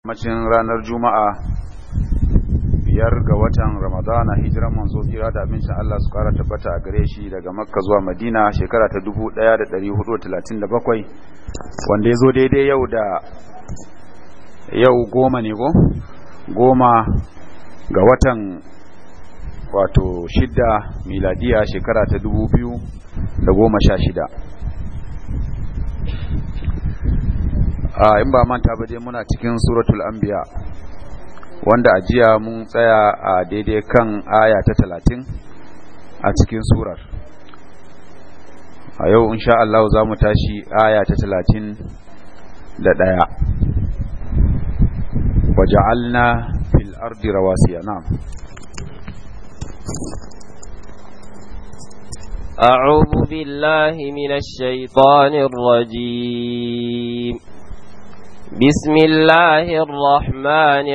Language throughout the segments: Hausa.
macin ranar juma'a biyar ga watan ramadana hijiran manzo kira da abincin Allah su kara tabbata a gare shi daga makka zuwa madina shekara ta dubu bakwai wanda ya zo daidai yau da yau goma ne ko goma ga watan wato shida miladiya shekara ta dubu biyu da goma sha shida. in ba manta ba dai muna cikin suratul anbiya wanda a jiya mun tsaya a daidai kan aya ta talatin a cikin surar a yau insha Allah za mu tashi aya ta talatin da ɗaya waja'alna fil ardi rawasiya na'am أعوذ بالله من الشيطان الرجيم بسم الله الرحمن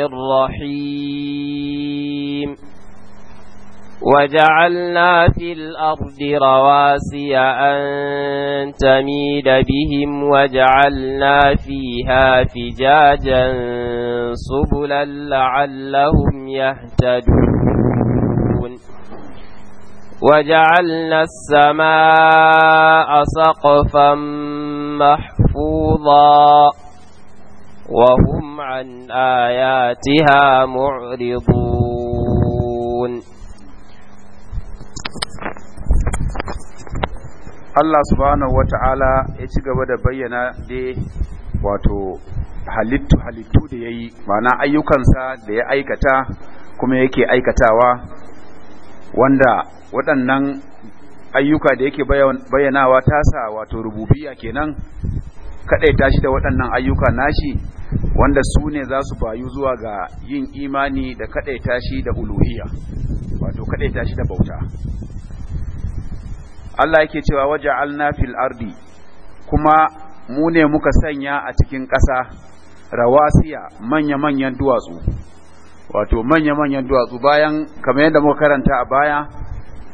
الرحيم وجعلنا في الأرض رواسي أن تميد بهم وجعلنا فيها فجاجا سبلا لعلهم يهتدون وجعلنا السماء سقفا محفوظا وهم عن آياتها معرضون Allah subhanahu wata'ala ya ci gaba da bayyana da wato halittu halittu da ya yi ma'ana ayyukansa da ya aikata kuma yake aikatawa wanda waɗannan ayyuka da yake bayyanawa tasa wato rububiya kenan kaɗaita shi da waɗannan ayyuka nashi wanda su ne za su bayu zuwa ga yin imani da kaɗaita shi da uluhiyya wato kaɗaita shi da bauta Allah yake cewa waje fil ardi kuma mu ne muka sanya a cikin ƙasa rawasiya manya-manyan duwatsu wato manya-manyan duwatsu bayan kamar yadda muka karanta a baya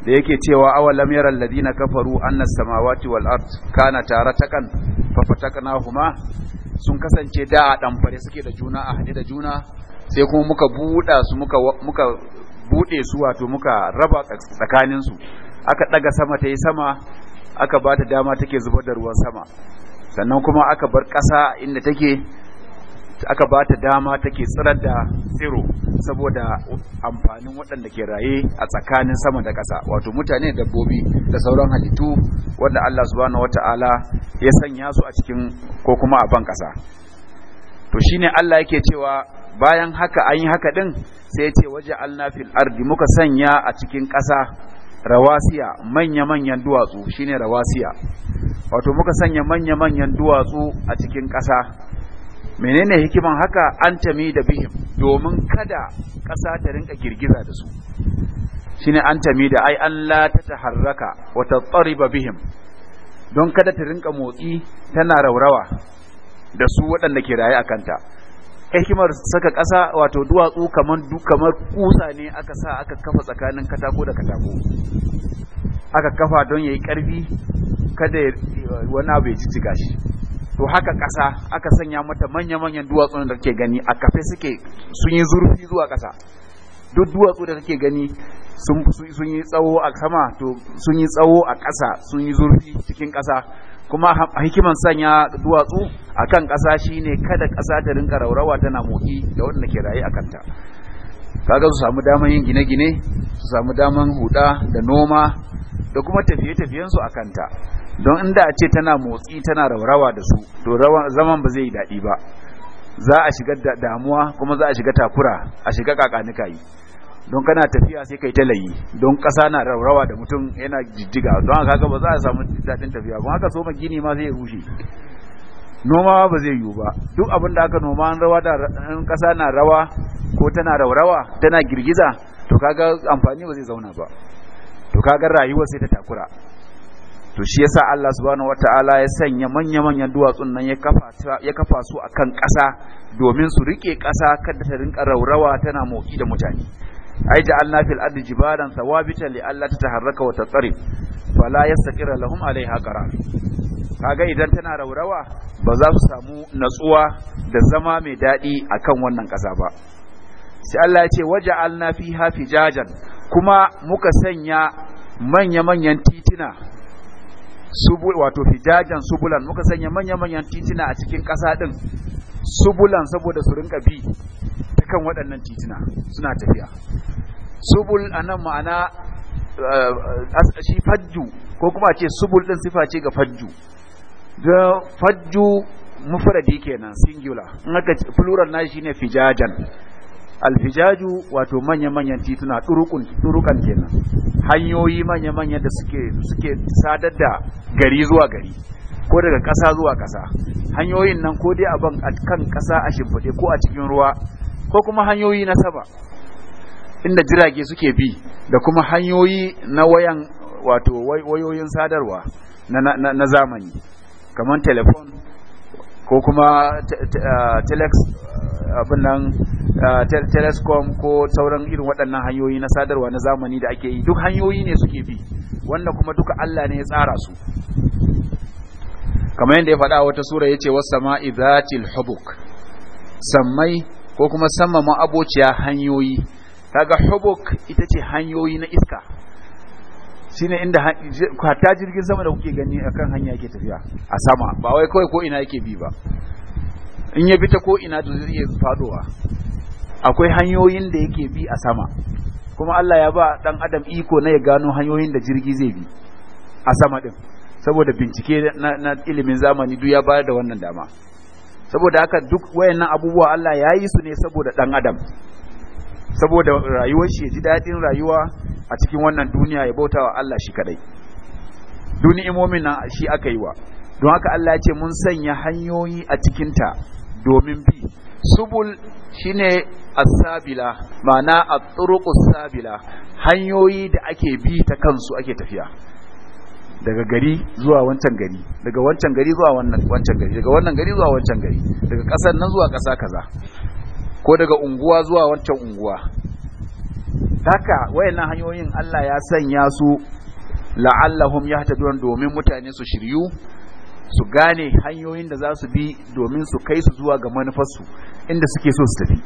da yake cewa awalam yaral ladina kafaru anna samawati wal ard kana taratakan huma sun kasance da a fare suke da juna a hade da juna sai kuma muka buda su muka muka bude su wato muka raba tsakanin su aka daga sama tayi sama aka ba ta dama take zubar da ruwan sama sannan kuma aka bar ƙasa inda take aka ba ta dama take tsirar da tsiro saboda amfanin waɗanda ke raye a tsakanin sama da ƙasa wato mutane da dabbobi da sauran halittu wanda Allah subhanahu wata'ala ya sanya su a cikin ko kuma a ban ƙasa to shine Allah yake cewa bayan haka an yi haka din sai ya ce waje fil ardi muka sanya a cikin ƙasa rawasiya manya-manyan duwatsu shine rawasiya wato muka sanya manya-manyan duwatsu a cikin ƙasa menene hikiman haka an tami da bihim domin kada ƙasa ta rinka girgiza da su shine an tami da ai an la ta taharraka wa tattariba bihim don kada ta rinka motsi tana raurawa da su waɗanda ke raye a kanta hikimar saka ƙasa wato duwatsu kamar kamar kusa ne aka sa aka kafa tsakanin katako da katako aka kafa don yayi ƙarfi kada wani abu ya ci shi to haka ƙasa aka sanya mata manya-manyan duwatsu da kake gani a kafe suke sun yi zurfi zuwa ƙasa duk duwatsu da kake gani sun yi tsawo a sama to sun yi tsawo a ƙasa sun yi zurfi cikin ƙasa kuma hikiman sanya duwatsu a kan ƙasa shine kada ƙasa ta rinka raurawa tana moki da wanda ke raye a kanta kaga su samu daman yin gine-gine su samu daman huda da noma da kuma tafiye-tafiyensu a kanta don inda a ce tana motsi tana rawa da su to zaman ba zai yi daɗi ba za a shiga damuwa kuma za a shiga takura a shiga kakanika yi don kana tafiya sai kai talayi don ƙasa na rawa da mutum yana jijjiga don haka ba za a samu daɗin tafiya kuma haka soma gini ma zai rushe noma ba zai yiwu ba duk abin da aka noma an rawa da in ƙasa na rawa ko tana raurawa tana girgiza to kaga amfani ba zai zauna ba to kaga rayuwar sai ta takura to shi yasa Allah subhanahu wataala ya sanya manya-manyan duwatsun nan ya kafa ya kafa su akan kasa domin su rike ƙasa kada ta rinka raurawa tana moki da mutane ai Allah fil ardi jibalan thawabita li ta tataharraka wa tatarif fala yastaqira lahum alaiha qara kaga idan tana raurawa ba za su samu natsuwa da zama mai daɗi akan wannan ƙasa ba sai Allah ya ce waja'alna fiha fijajan kuma muka sanya manya-manyan titina subul wato fijajan subulan muka sanya manya-manyan titina a cikin ƙasa ɗin subulan saboda su rinka bi ta kan waɗannan titina suna tafiya subul a nan ma'ana eh, shi fajju ko kuma a ce subul ɗin sifa ce ga fajju da fajju mufaradi kenan singular in aka plural na shi ne fijajan alfijaju wato manya-manyan tituna turukan kenan hanyoyi manya-manya da suke sadar da gari zuwa gari ko daga ƙasa zuwa ƙasa hanyoyin nan ko dai a kan ƙasa a shimfiɗe ko a cikin ruwa ko kuma hanyoyi na saba inda jirage suke bi da kuma hanyoyi na wayan wato wayoyin sadarwa na zamani kamar telefon ko kuma telex abin nan telescom ko sauran irin waɗannan hanyoyi na sadarwa na zamani da ake yi duk hanyoyi ne suke bi wanda kuma duka Allah ne ya tsara su kamar yadda ya faɗa wata sura yace was-sama'i dhatil hubuk sammai ko kuma sama ma abociya hanyoyi kaga hubuk ita ce hanyoyi na iska shine inda hatta jirgin sama da kuke gani akan hanya yake tafiya a sama ba wai kawai ko ina yake bi ba in ya bi ta ko ina to zai iya fadowa akwai hanyoyin da yake bi a sama kuma Allah ya ba dan adam iko na ya gano hanyoyin da jirgi zai bi a sama din saboda bincike na, ilimin zamani duk ya bayar da wannan dama saboda haka duk wayannan abubuwa Allah ya yi su ne saboda dan adam saboda rayuwar shi ya ji daɗin rayuwa a cikin wannan duniya ya bauta wa Allah shi kadai imomin nan shi aka yi wa don haka Allah ya ce mun sanya hanyoyi a cikinta domin bi subul shine as-sabila ma'ana at-turuqus sabila hanyoyi da ake bi ta kansu ake tafiya daga gari zuwa wancan gari daga wancan gari zuwa wannan wancan gari daga wannan gari zuwa wancan gari daga kasar nan zuwa kasa kaza ko daga unguwa zuwa wancan unguwa haka wayannan hanyoyin Allah ya sanya su la'allahum yahtadun domin mutane su shiryu su gane hanyoyin da za su bi domin su kai su zuwa ga manufarsu inda suke so su tafi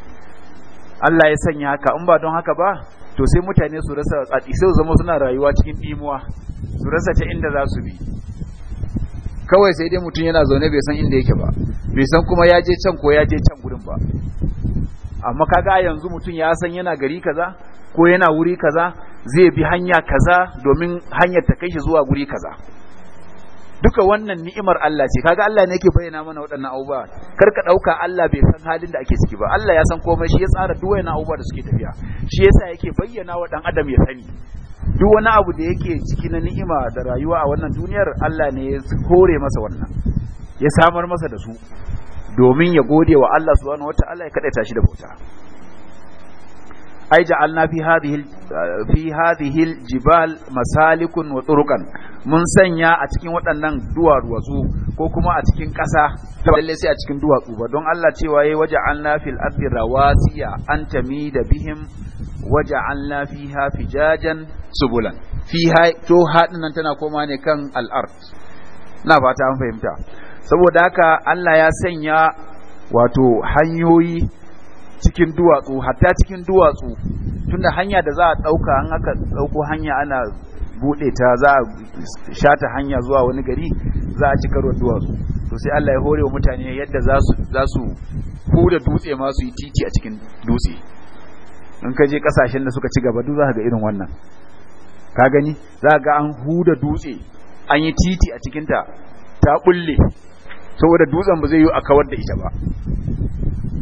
Allah ya sanya haka in ba don haka ba to sai mutane su rasa tsadi sai su zama suna rayuwa cikin dimuwa su rasa ta inda za su bi kawai sai dai mutum yana zaune bai san inda yake ba bai san kuma ya je can ko ya je can gurin ba amma kaga yanzu mutum ya san yana gari kaza ko yana wuri kaza zai bi hanya kaza domin hanyar ta kai shi zuwa guri kaza duka wannan ni'imar Allah ce kaga Allah ne yake bayyana mana waɗannan abubuwa kar ka ɗauka Allah bai san halin da ake ciki ba Allah ya san komai shi ya tsara duk wani abubuwa da suke tafiya shi yasa yake bayyana wa ɗan adam ya sani duk wani abu da yake ciki na ni'ima da rayuwa a wannan duniyar Allah ne ya kore masa wannan ya samar masa da su domin ya gode wa Allah subhanahu wataala ya kadaita shi da bauta ai ja'alna fi hadhihi fi jibal masalikun wa turuqan mun sanya a cikin waɗannan duwatsu ko kuma a cikin ƙasa lalle sai a cikin duwatsu ba don Allah cewa yayi waja'alna fil ardi rawasiya an tamida bihim waja'alna fiha fijajan subulan fiha to hadin nan tana koma ne kan al na fata an fahimta saboda haka Allah ya sanya wato hanyoyi cikin duwatsu hatta cikin duwatsu tunda hanya da za a ɗauka an aka ɗauko hanya ana buɗe ta za a shata hanya zuwa wani gari za a ci karo duwatsu to sai Allah ya hore wa mutane yadda za su za su huda dutse ma su yi titi a cikin dutse in ka je kasashen da suka ci gaba duk za ka ga irin wannan ka gani za ga an huda dutse an yi titi a cikinta ta bulle saboda dutsen ba zai yi a kawar da ita ba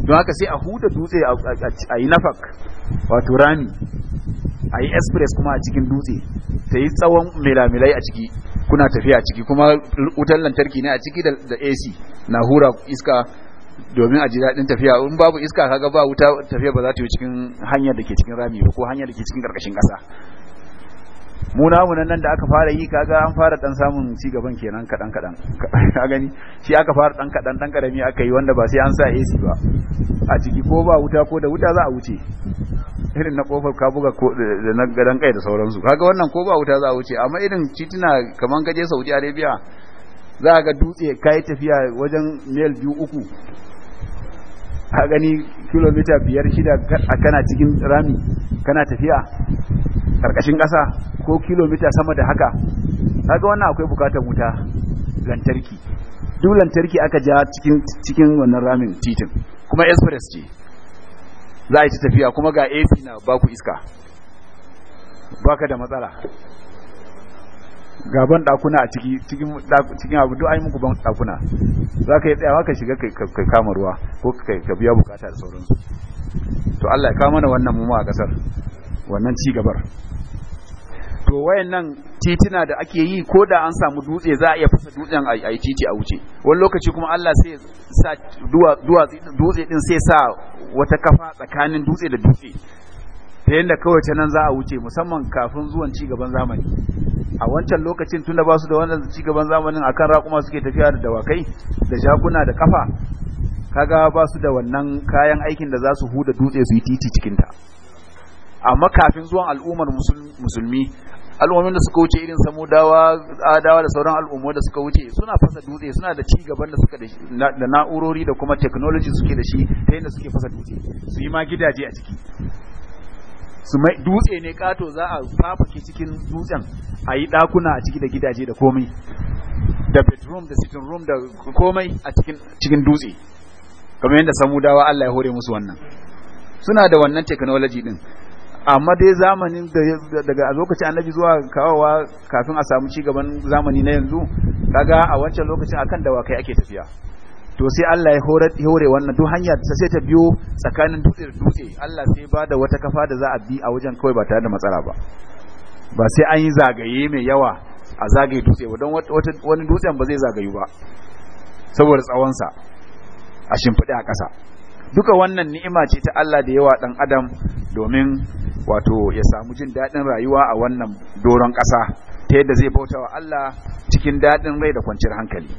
don haka sai a huda dutse a yi nafak wato rami a yi express kuma a cikin dutse ta yi tsawon milamilai a ciki kuna tafiya a ciki kuma wutar lantarki ne a ciki da ac na hura iska domin a ji daɗin tafiya in babu iska kaga ba wuta tafiya ba za ta yi cikin hanyar da ke cikin rami ba ko hanyar da ke cikin ƙarƙashin ƙasa mu namu nan da aka fara yi kaga an fara dan samun ci gaban kenan kadan kadan ka gani shi aka fara dan kadan dan karami aka yi wanda ba sai an sa AC ba a ciki ko ba wuta ko da wuta za a wuce irin na kofar ka buga ko da na gadan kai da sauransu kaga wannan ko ba wuta za a wuce amma irin titina kaman ka je Saudi Arabia za ga dutse kai tafiya wajen mil biyu uku a gani kilomita biyar shida a kana cikin rami kana tafiya karkashin ƙasa ko kilomita sama da haka ga wannan akwai bukatar wuta lantarki duk lantarki aka ja cikin wannan ramin titin kuma express ce za a yi tafiya kuma ga AC na baku iska baka da matsala gaban dakuna a ciki cikin cikin abu duk ai muku ban dakuna za ka yi tsayawa ka shiga kai kama ruwa ko ka biya bukata da sauransu to Allah ya kawo mana wannan mu a kasar wannan cigabar. to wayan nan titina da ake yi ko da an samu dutse za a iya fasa dutsen a yi titi a wuce wani lokaci kuma Allah sai sa dutse din sai sa wata kafa tsakanin dutse da dutse ta yadda kawai ta nan za a wuce musamman kafin zuwan cigaban zamani a wancan lokacin tun da ba su da wannan cigaban zamanin a kan raƙuma suke tafiya da dawakai da jaguna da kafa kaga ba su da wannan kayan aikin da za su huda dutse su yi titi cikinta amma kafin zuwan al'ummar musulmi al'ummomin da suka wuce irin samu dawa adawa da sauran al'ummo da suka wuce suna fasa dutse suna da ci gaban da suka da na'urori da kuma technology suke da shi ta yadda suke fasa dutse su yi ma gidaje a ciki su mai dutse ne kato za a fafake cikin dutsen a yi dakuna a ciki da gidaje da komai da bedroom da sitting room da komai a cikin cikin dutse kamar yadda samudawa Allah ya hore musu wannan suna da wannan technology din amma dai zamanin daga lokacin annabi zuwa kawawa kafin a samu cigaban zamani na yanzu kaga a wancan lokacin akan dawakai ake tafiya to sai Allah ya hore wannan duk hanya sai ta biyo tsakanin dutse da dutse Allah sai ba da wata kafa da za a bi a wajen kawai ba tare da matsala ba ba sai an yi zagaye mai yawa a zagaye dutse ba don wani dutsen ba zai zagayu ba saboda tsawonsa a shimfiɗe a ƙasa duka wannan ni'ima ce ta Allah da yawa dan adam domin wato ya samu jin daɗin rayuwa a wannan doron ƙasa ta yadda zai bauta wa Allah cikin daɗin rai da kwanciyar hankali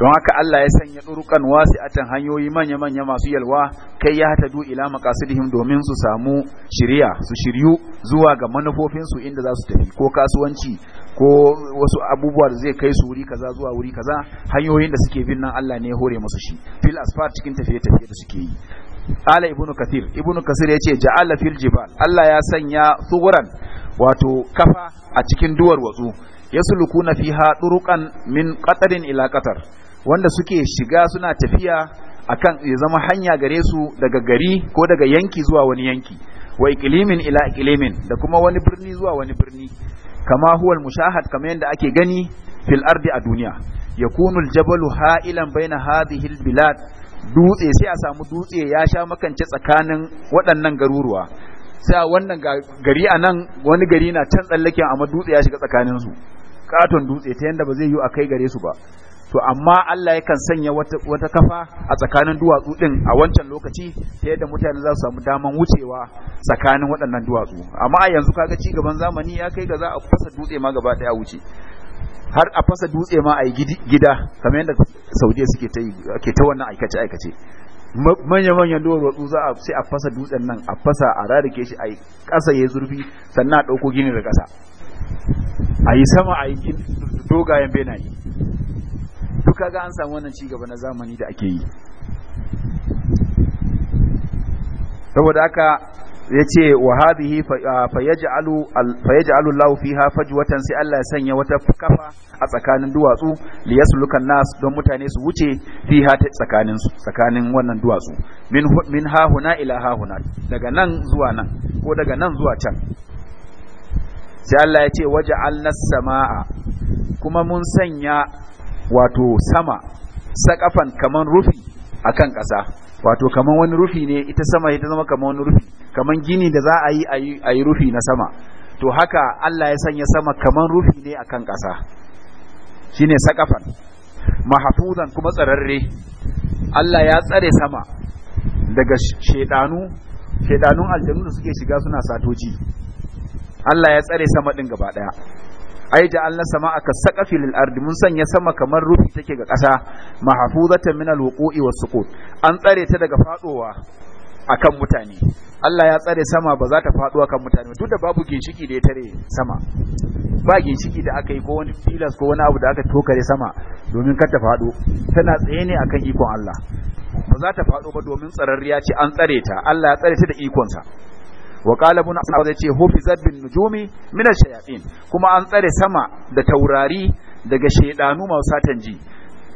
don haka Allah ya sanya a wasi'atan hanyoyi manya-manya masu yalwa kai ya hata du ila maqasidihim domin su samu shiriya su shiryu zuwa ga manufofinsu inda za su tafi ko kasuwanci ko wasu abubuwa da zai kai su wuri kaza zuwa wuri kaza hanyoyin da suke bin nan Allah ne ya hore musu shi fil asfar cikin tafiye tafiye da suke yi ala ibnu kathir ibnu kasir yace ja'ala fil jibal Allah ya sanya suguran wato kafa a cikin duwar watsu yasulukuna fiha turuqan min qatarin ila qatar wanda suke shiga suna tafiya akan ya zama hanya gare su daga gari ko daga yanki zuwa wani yanki wa iklimin ila iklimin da kuma wani birni zuwa wani birni kama huwal mushahad kamar yadda ake gani fil ardi a duniya yakunu aljabalu ha'ilan baina hadhihi albilad dutse sai a samu dutse ya sha makance tsakanin waɗannan garuruwa sai wannan gari a nan wani gari na can tsallaken amma dutse ya shiga tsakanin su katon dutse ta yadda ba zai yi a kai gare su ba to amma Allah yakan sanya wata, kafa a tsakanin duwatsu din a wancan lokaci ta yadda mutane za su samu daman wucewa tsakanin waɗannan duwatsu amma a yanzu kaga ci gaban zamani ya kai ga za a fasa dutse ma gaba ɗaya wuce har a fasa dutse ma a yi gida kamar yadda saudiya suke ta yi ake ta wannan aikace aikace manya-manyan duwatsu za a sai a fasa dutsen nan a fasa a rarike shi a yi ƙasa ya zurfi sannan a ɗauko gini da ƙasa a yi sama a yi dogayen benaye Duka kaga an samu wannan cigaba na zamani da ake yi saboda haka ya ce wa hadhihi ah, fayaj'alu fayaj'alu Allahu fiha fajwatan sai Allah ya sanya wata kafa a tsakanin duwatsu liyaslukan nas don mutane su wuce fiha ta tsakanin su tsakanin wannan duwatsu min min ha huna ila ha huna daga nan zuwa nan ko daga nan zuwa can sai Allah ya ce waja'alna samaa kuma mun sanya wato sama sakafan kaman rufi akan ƙasa wato kaman wani rufi ne ita sama ita zama kaman wani rufi kaman gini da za a yi a yi rufi na sama to haka Allah ya sanya sama kaman rufi ne akan ƙasa ne sakafan mahafuzan kuma tsararre Allah ya tsare sama daga shedanu shedanun aljanu da suke shiga suna satoci Allah ya tsare sama ɗin gaba ɗaya ai ja'alna sama'aka saqafil ardi mun sanya sama kamar rufi take ga ƙasa mahfuzatan min wuqu'i was-suqut an tsare ta daga fadowa akan mutane Allah ya tsare sama ba za ta faɗo akan mutane duk da babu ginshiki da ya tare sama ba ginshiki da aka yi ko wani filas ko wani abu da aka tokare sama domin kar ta faɗo tana tsaye ne akan ikon Allah ba za ta faɗo ba domin tsararriya ce an tsare ta Allah ya tsare ta da ikonsa wa qala ibn abbas yace ce hofi nujumi min ash-shayatin kuma an tsare sama da taurari daga shaydanu masu satan ji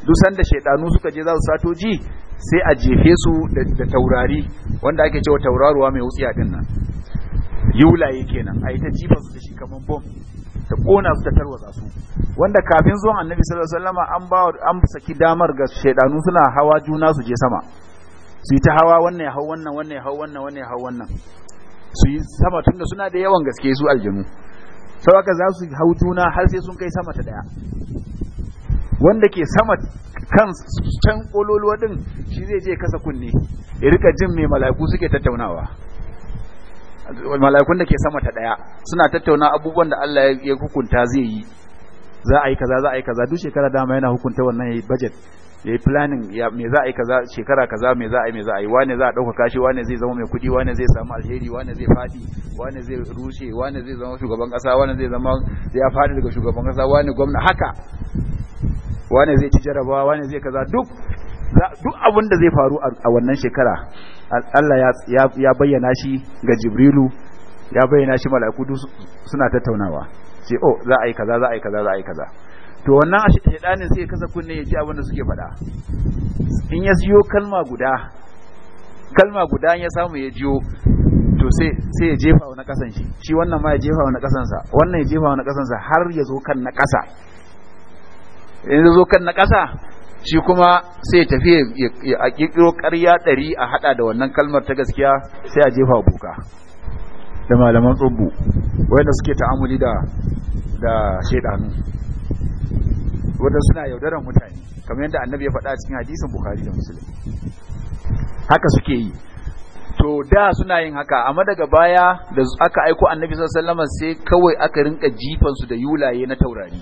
duk sanda shaydanu suka je za su sato ji sai a jefe su da taurari wanda ake cewa tauraruwa mai wutsiya din nan yulaye kenan a yi ta jifa su da shi kaman bom ta kona su ta tarwatsa su wanda kafin zuwan annabi sallallahu alaihi an ba an saki damar ga shaydanu suna hawa juna su je sama su yi ta hawa wannan ya hau wannan wannan ya hau wannan wannan ya hau wannan su yi sama tunda suna da yawan gaske su aljanu sau haka za su hau juna har sai sun kai sama ta daya wanda ke sama kan can kololuwa din shi zai je kasa kunne ya jin mai mala'iku suke tattaunawa mala'ikun da ke sama ta daya suna tattauna abubuwan da Allah ya hukunta zai yi za a yi kaza za a yi kaza duk shekara dama yana hukunta wannan yi budget yayi planning ya me za a yi kaza shekara kaza me za a yi me za a yi wane za a dauka kashi wane zai zama mai kudi wane zai samu alheri wane zai fadi wane zai rushe wane zai zama shugaban kasa wane zai zama zai fadi daga shugaban kasa wane gwamna haka wane zai ci jarabawa wane zai kaza duk duk abin da zai faru a wannan shekara Allah ya bayyana shi ga Jibrilu ya bayyana shi mala'iku suna tattaunawa sai oh za a yi kaza za a yi kaza za a yi kaza to wannan shaidanin sai ya kasa kunne ya ji abin da suke faɗa in ya siyo kalma guda kalma guda ya samu ya jiyo to sai ya jefa wani na kasan shi shi wannan ma ya jefa wani na kasansa wannan ya jefa wani na kasansa har ya zo kan na kasa in ya zo kan na kasa shi kuma sai ya tafi ya kikiro ƙarya ɗari a haɗa da wannan kalmar ta gaskiya sai a jefa buka da malaman tsubbu wanda suke ta'amuli da da shaidanu wadda suna yaudaran mutane kamar yadda annabi ya faɗa cikin hadisin bukari da musulun haka suke yi to da suna yin haka amma daga baya da aka aiko annabi sallama sai kawai aka rinka jifansu da yulaye na taurari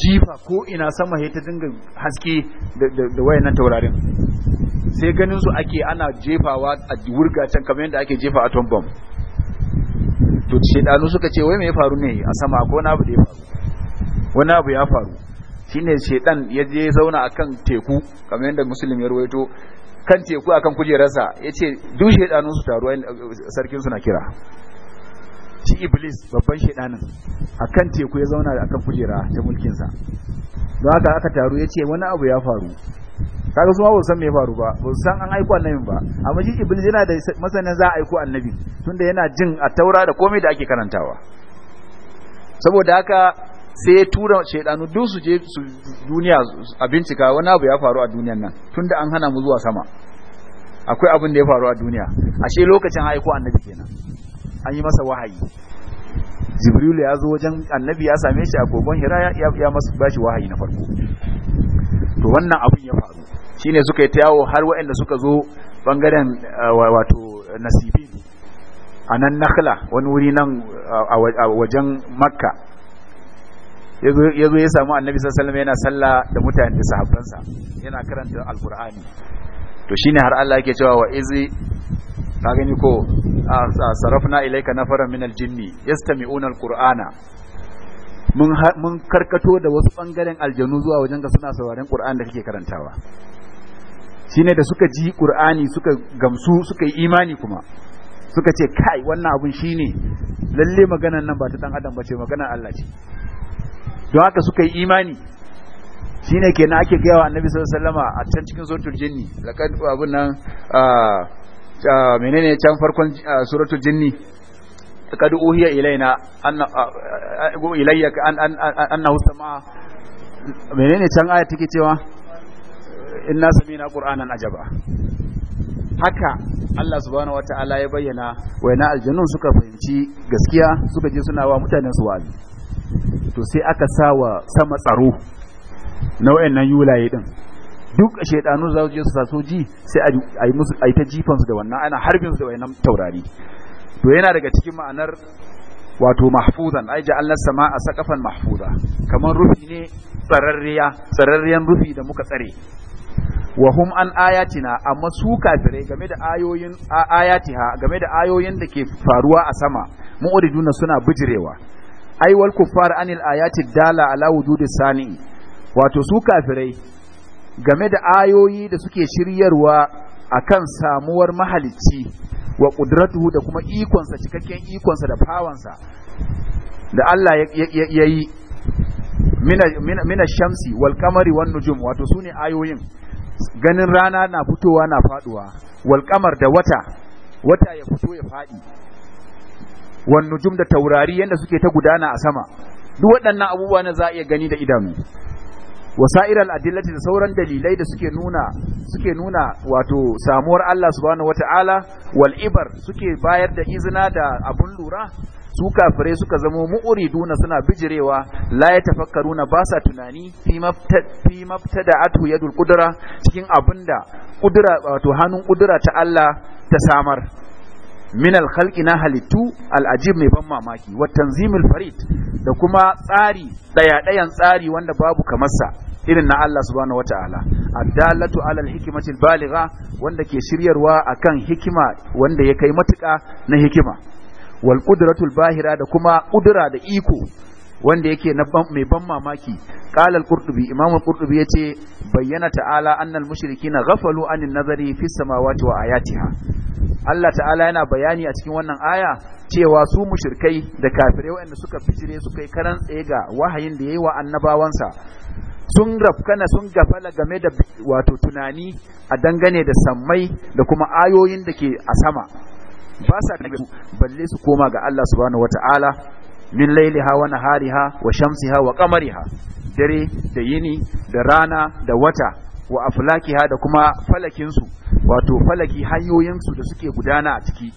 jifa ko ina sama ta dinga haske da wayannan taurarin sai ganin su ake ana jefawa a wurga can kamar yadda ake jefa atom bomb to shedanu suka ce wai me ya faru ne a sama ko wani abu da ya faru wani abu ya faru shine shedan ya je zauna akan teku kamar yadda musulmi ya ruwaito kan teku akan kujerarsa yace duk shedanu su taru sarkin su na kira shi iblis babban shedanin akan teku ya zauna akan kujera ta mulkin sa don haka aka taru yace wani abu ya faru kaga su ma ba san me faru ba ba san an aiko annabin ba amma shi iblis yana da masanin za a aiko annabi tunda yana jin a taura da komai da ake karantawa saboda haka sai tura shaidanu duk su je su duniya a bincika wani abu ya faru a duniyan nan tunda an hana mu zuwa sama akwai abin da ya faru a duniya ashe lokacin aiko annabi kenan an yi masa wahayi jibrilu ya zo wajen annabi ya same shi a kogon hira ya masu bashi wahayi na farko to wannan abin ya faru shine suka yi ta yawo har wa'anda suka zo bangaren eh, wato nasibi a nan nakhla wani wuri nan eh, a wajen makka ya zo ya samu annabi sallallahu yana sallah da mutane da sahabbansa yana karanta alkur'ani to shine har Allah yake cewa wa izi ka gani ko a sarafna ilaika na minal min ya yastami'una unar ƙur'ana mun karkato da wasu bangaren aljanu zuwa wajen ga suna sauraren ƙur'an da kake karantawa shine da suka ji ƙur'ani suka gamsu suka yi imani kuma suka ce kai wannan abun ne, lalle maganan nan ba ta ɗan adam bace maganar Allah ce don haka suka yi imani shine kenan ake gaya wa annabi sallallahu alaihi wasallama a can cikin suratul jinni laƙar abin nan Ah, menene can farkon ah, suratul jinni kad uhiya ilaina anna ah, ilayya an annahu sama menene can aya take cewa inna samina qur'anan ajaba haka Allah subhanahu wataala ya bayyana waina aljannun suka fahimci gaskiya suka je suna wa mutanen su wa'azi to sai aka sawa sama tsaro na wayannan yulaye din duk shaidanu za su je su saso ji sai a yi musu a yi ta jifansu da wannan ana harbin su da wannan taurari to yana daga cikin ma'anar wato mahfuzan ai ja'alna sama'a saqafan mahfuza kamar rufi ne tsararriya tsararriyan rufi da muka tsare wa hum an ayatina amma su kafirai game da ayoyin ayatiha game da ayoyin da ke faruwa a sama mu'riduna suna bijirewa ai wal kuffar anil ayati dala ala wujudi sani wato su kafirai game da ayoyi da suke shiryarwa a kan samuwar mahalicci wa ƙudratuhu da kuma ikonsa cikakken ikonsa da fawansa da Allah ya yi mina shamsi wal kamari wan nujum wato su ne ayoyin ganin rana na fitowa na faduwa wal kamar da wata wata ya fito ya fadi wan nujum da taurari yadda suke ta gudana a sama duk waɗannan abubuwa na za a iya gani da idanu wasa'ir al'adillati da sauran dalilai da suke nuna suke nuna wato samuwar Allah subhanahu wata'ala wal suke bayar da izina da abun lura su kafire suka zamo mu'uriduna suna bijirewa la ya karuna, ba sa tunani fi da atu yadul kudura cikin abinda kudura wato hannun kudura ta Allah ta samar min alkhalqi na halittu al'ajib mai ban mamaki wa tanzimul farid da kuma tsari ɗaya-ɗayan tsari wanda babu kamar sa irin na Allah subhanahu wataala addalatu ala alhikmati albaligha wanda ke shiryarwa akan hikima wanda ya kai matuka na hikima wal qudratul bahira da kuma kudura da iko wanda yake na mai ban mamaki qala al-qurtubi imam al-qurtubi yace bayyana ta'ala annal mushrikina ghafalu anin nazari fi samawati wa ayatiha Allah ta'ala yana bayani a cikin wannan aya cewa su mushrikai da kafirai waɗanda suka fitire suka yi karan tsaye ga wahayin da yayi wa annabawansa sun rafkana sun gafala game da wato tunani a dangane da sammai da kuma ayoyin da ke a sama ba sa balle su koma ga Allah subhanahu wata'ala lailiha wa nahariha wa shamsiha wa qamariha dare da yini da rana da wata wa aflakiha da kuma falakinsu wato falaki hanyoyinsu da suke gudana a ciki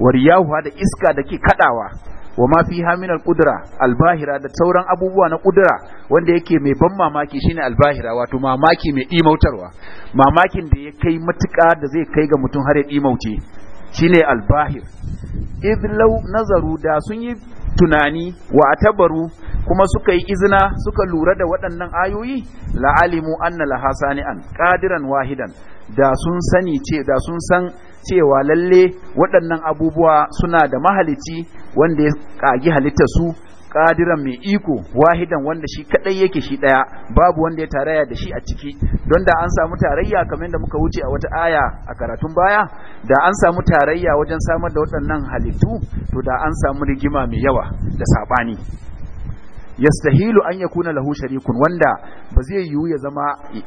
wa da iska da ke kadawa wa ma fiha min al da sauran abubuwa na kudura wanda yake mai ban mamaki shine albahira wato mamaki mai imautarwa mamakin da ya kai matuƙa da zai kai ga mutum har ya imauce shine albahir idh law nazaru da sun yi tunani wa atabaru kuma suka yi izina suka lura da waɗannan ayoyi la'alimu anna lahasani'an ƙadiran wahidan da sun sani ce da sun san cewa lalle waɗannan abubuwa suna da mahalici wanda ya kagi halittar su qadiran mai iko wahidan wanda shi kadai yake shi daya babu wanda ya taraya da shi a ciki don da an samu tarayya kamar da muka wuce a wata aya a karatun baya da an samu tarayya wajen samar da waɗannan halittu to da an samu rigima mai yawa da sabani yastahilu an yakuna lahu sharikun wanda ba zai yiwu ya zama eh,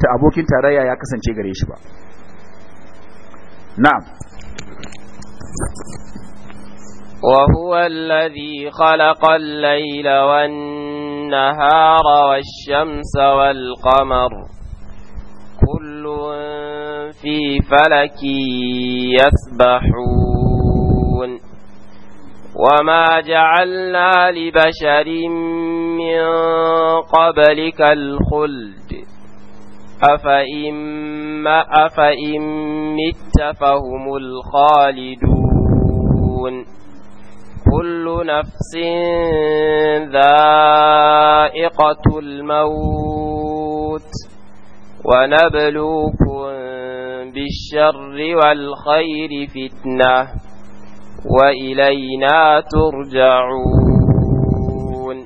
ta abokin tarayya ya kasance gare shi ba na'am وهو الذي خلق الليل والنهار والشمس والقمر كل في فلك يسبحون وما جعلنا لبشر من قبلك الخلد أفإن, أفإن مت فهم الخالدون كل نفس ذائقة الموت ونبلوكم بالشر والخير فتنة وإلينا ترجعون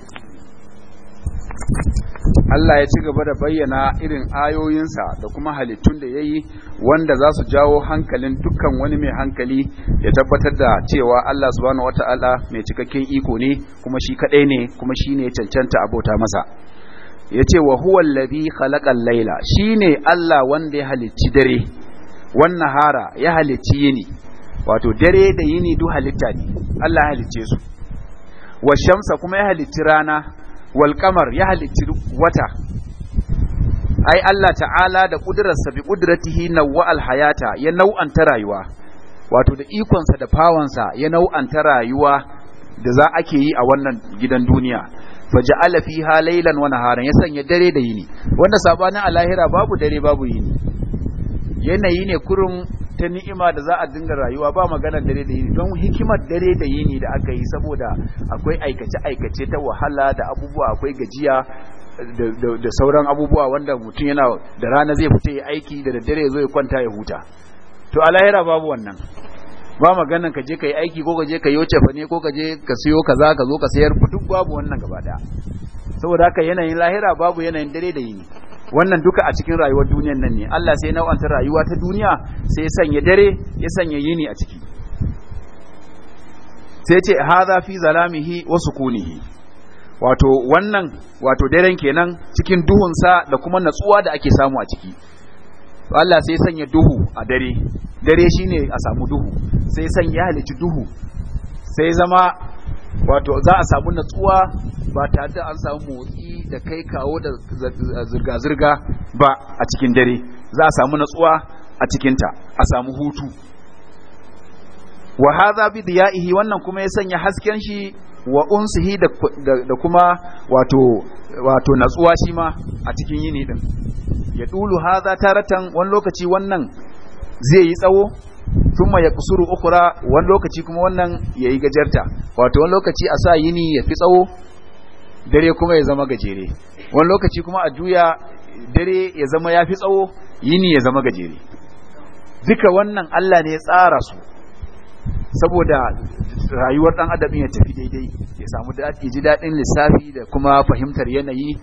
Allah ya ci gaba da bayyana irin ayoyinsa da kuma halittun da ya yi wanda za su jawo hankalin dukkan wani mai hankali ya tabbatar da cewa Allah subhanahu ta'ala mai cikakken iko ne kuma shi kadai ne kuma shi ne cancanta abota masa ya ce wa huwa alladhi khalaqa laila shi ne Allah wanda ya halicci dare wannan hara ya halicci yini wato dare da yini duk halitta ne Allah ya halicce su wa shamsa kuma ya halicci rana wal ya halitti wata ai Allah ta'ala da ƙudurarsa bi kudratihi nawwa al ya nau'anta rayuwa wato da ikonsa da fawansa ya nau'anta rayuwa da za ake yi a wannan gidan duniya alafi fiha laylan wa naharan ya sanya dare da yini wanda sabanin alahira babu dare babu yini yanayi ne kurin ta ni'ima da za a dinga rayuwa ba magana dare da yini don hikimar dare da yini da aka yi saboda akwai aikace-aikace ta wahala da abubuwa akwai gajiya da sauran abubuwa wanda mutum yana da rana zai fita ya aiki da daddare ya zo ya kwanta ya huta to a lahira babu wannan ba magana ka je ka yi aiki ko ka je ka yi fa ne ko ka je ka siyo kaza ka zo ka sayar duk babu wannan gaba daya saboda haka yanayin lahira babu yanayin dare da yini wannan duka a cikin rayuwar duniyar nan ne Allah sai nau'anta rayuwa ta duniya sai ya sanya dare ya sanya yini a ciki sai ce hadha fi zalamihi wa sukunihi wato wannan wato daren kenan cikin duhunsa da kuma natsuwa da ake samu a ciki Allah sai sanya duhu a dare dare shine a samu duhu sai sanya halici duhu sai zama wato za a samu natsuwa ba tare da an samu motsi da kai kawo da zirga-zirga ba a cikin dare za a samu natsuwa a cikinta a samu hutu wa haza bi wannan kuma ya sanya hasken shi wa unsihi da kuma wato wato natsuwa shi ma a cikin yini din ya dulu haza taratan wani lokaci wannan zai yi tsawo thumma yaqsuru ukura, wani lokaci kuma wannan yayi gajarta wato wani lokaci a sa yini ya fi tsawo dare kuma ya zama gajere wani lokaci kuma a juya dare ya zama ya fi tsawo yini ya zama gajere duka wannan Allah ne ya tsara su saboda rayuwar dan adam ya tafi daidai ya samu daɗi ji daɗin lissafi da kuma fahimtar yanayi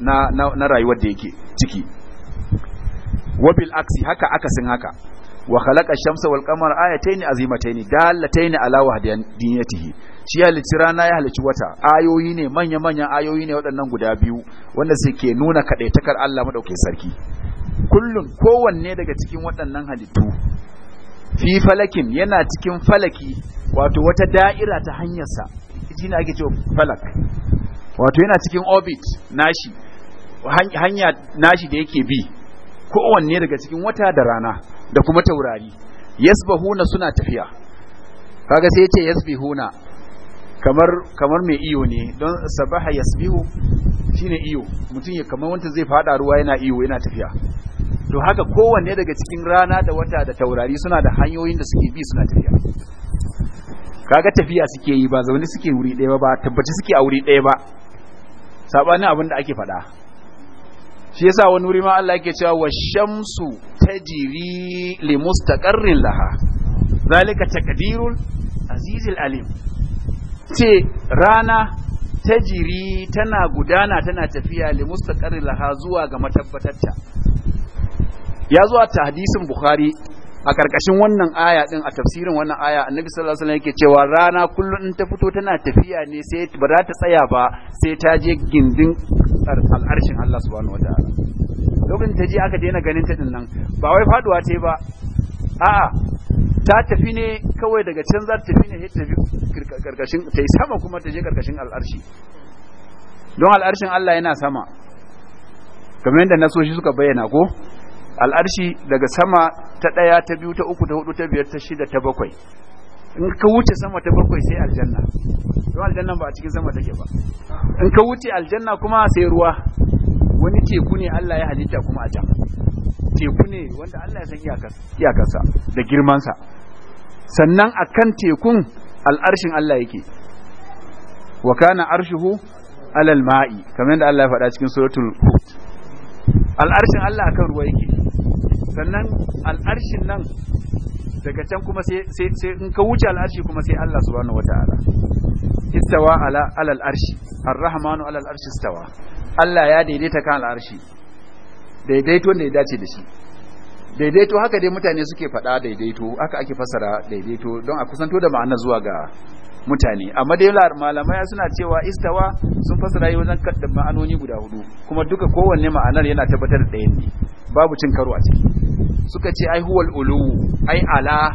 na rayuwar da yake ciki wabil aksi haka akasin haka wa khalaqa shamsa wal qamara ayatayn azimatayn dalatayn ala wahdaniyatihi shi ya halicci rana ya halicci wata ayoyi ne manya manyan ayoyi ne waɗannan guda biyu wanda suke nuna kadaitakar Allah madaukakin sarki kullun kowanne daga cikin waɗannan halittu fi falakin yana cikin falaki wato wata da'ira ta hanyarsa shi ne ake cewa falak wato yana cikin orbit nashi hanya nashi da yake bi kowanne daga cikin wata da rana da kuma taurari yasbahuna suna tafiya kaga sai yace yasbihuna kamar kamar mai iyo ne don sabaha yasbihu shine iyo mutum ya kamar wanda zai fada ruwa yana iyo yana tafiya to haka kowanne daga cikin rana da wata da taurari suna da hanyoyin da suke bi suna tafiya kaga tafiya suke yi ba zaune suke wuri ɗaya ba tabbaci suke a wuri ɗaya ba sabanin abin da ake faɗa shi yasa wani wuri ma Allah yake cewa wa shamsu tajri li mustaqarrin laha zalika taqdirul azizil alim ce rana tajiri tana gudana tana tafiya li mustaqarrin laha zuwa ga matabbatarta ya zuwa ta hadisin bukhari a karkashin wannan aya din a tafsirin wannan aya annabi sallallahu alaihi wasallam yake cewa rana kullum in ta fito tana tafiya ne sai ba za ta tsaya ba sai ta je gindin al'arshin Allah subhanahu wataala lokacin ta je aka daina ganin ta nan ba wai faduwa ce ba a'a ta tafi ne kawai daga can za ta tafi ne ta tafi karkashin ta yi sama kuma ta je karkashin al'arshi don al'arshin Allah yana sama kamar yadda nasoshi suka bayyana ko al'arshi daga sama ta ɗaya ta biyu ta uku ta hudu ta biyar ta shida ta bakwai in ka wuce sama ta bakwai sai aljanna to aljanna ba a cikin sama take ba in ka wuce aljanna kuma sai ruwa wani teku ne Allah ya halitta kuma a can teku ne wanda Allah ya san iyakarsa da girmansa sannan a kan tekun al'arshin Allah yake wa kana arshuhu alal ma'i kamar yadda Allah ya faɗa cikin suratul hud al'arshin Allah akan ruwa yake sannan al'arshin nan daga can kuma sai in ka wuce al'arshi kuma sai Allah subhanahu wata'ala istawa ala alal arshi arrahmanu alal arshi istawa Allah ya daidaita kan al'arshi daidaito ne ya dace da shi daidaito haka dai mutane suke faɗa daidaito haka ake fasara daidaito don a kusanto da ma'ana zuwa ga mutane amma dai malamai suna cewa istawa sun fasara yi wajen kaddan ma'anoni guda hudu kuma duka kowanne ma'anar yana tabbatar da ɗayan ne babu cin karo a ciki suka ce ai huwal ulu ai ala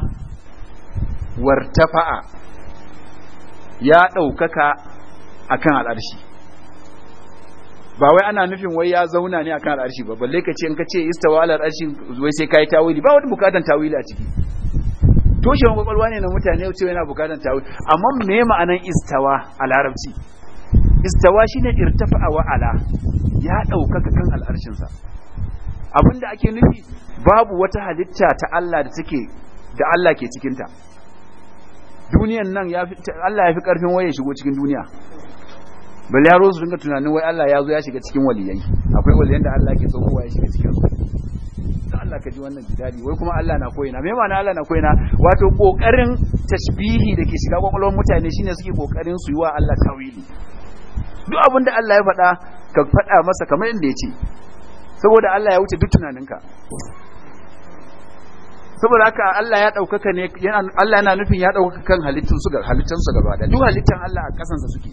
wartafa'a ya ɗaukaka akan al'arshi ba wai ana nufin wai ya zauna ne akan al'arshi ba balle ka ce in ka ce istawa al'arshi wai sai kai tawili ba wani bukatan tawili a ciki wani kwakwalwa ne na mutane cewa yana bukatar tawil amma me ma'anan istawa a larabci istawa shine irtafa a wa'ala. ya ɗaukaka kan al'arshinsa abinda ake nufi babu wata halitta ta Allah da take da Allah ke cikinta duniyan nan Allah ya fi ƙarfin waye shigo cikin duniya bal yaro su dinga tunanin wai Allah ya zo ya shiga cikin waliyai akwai waliyan da Allah ke so kowa ya shiga cikin su Allah ka ji wannan jidali wai kuma Allah na koyina me ma'ana Allah na koyina wato kokarin tasbihi da ke shiga kwakwalwar mutane shine suke kokarin su yi wa Allah tawili duk abin da Allah ya faɗa ka faɗa masa kamar inda ya ce saboda Allah ya wuce duk tunaninka saboda haka Allah ya ɗaukaka ne Allah yana nufin ya ɗaukaka kan su gaba da duk halittun Allah a kasansa suke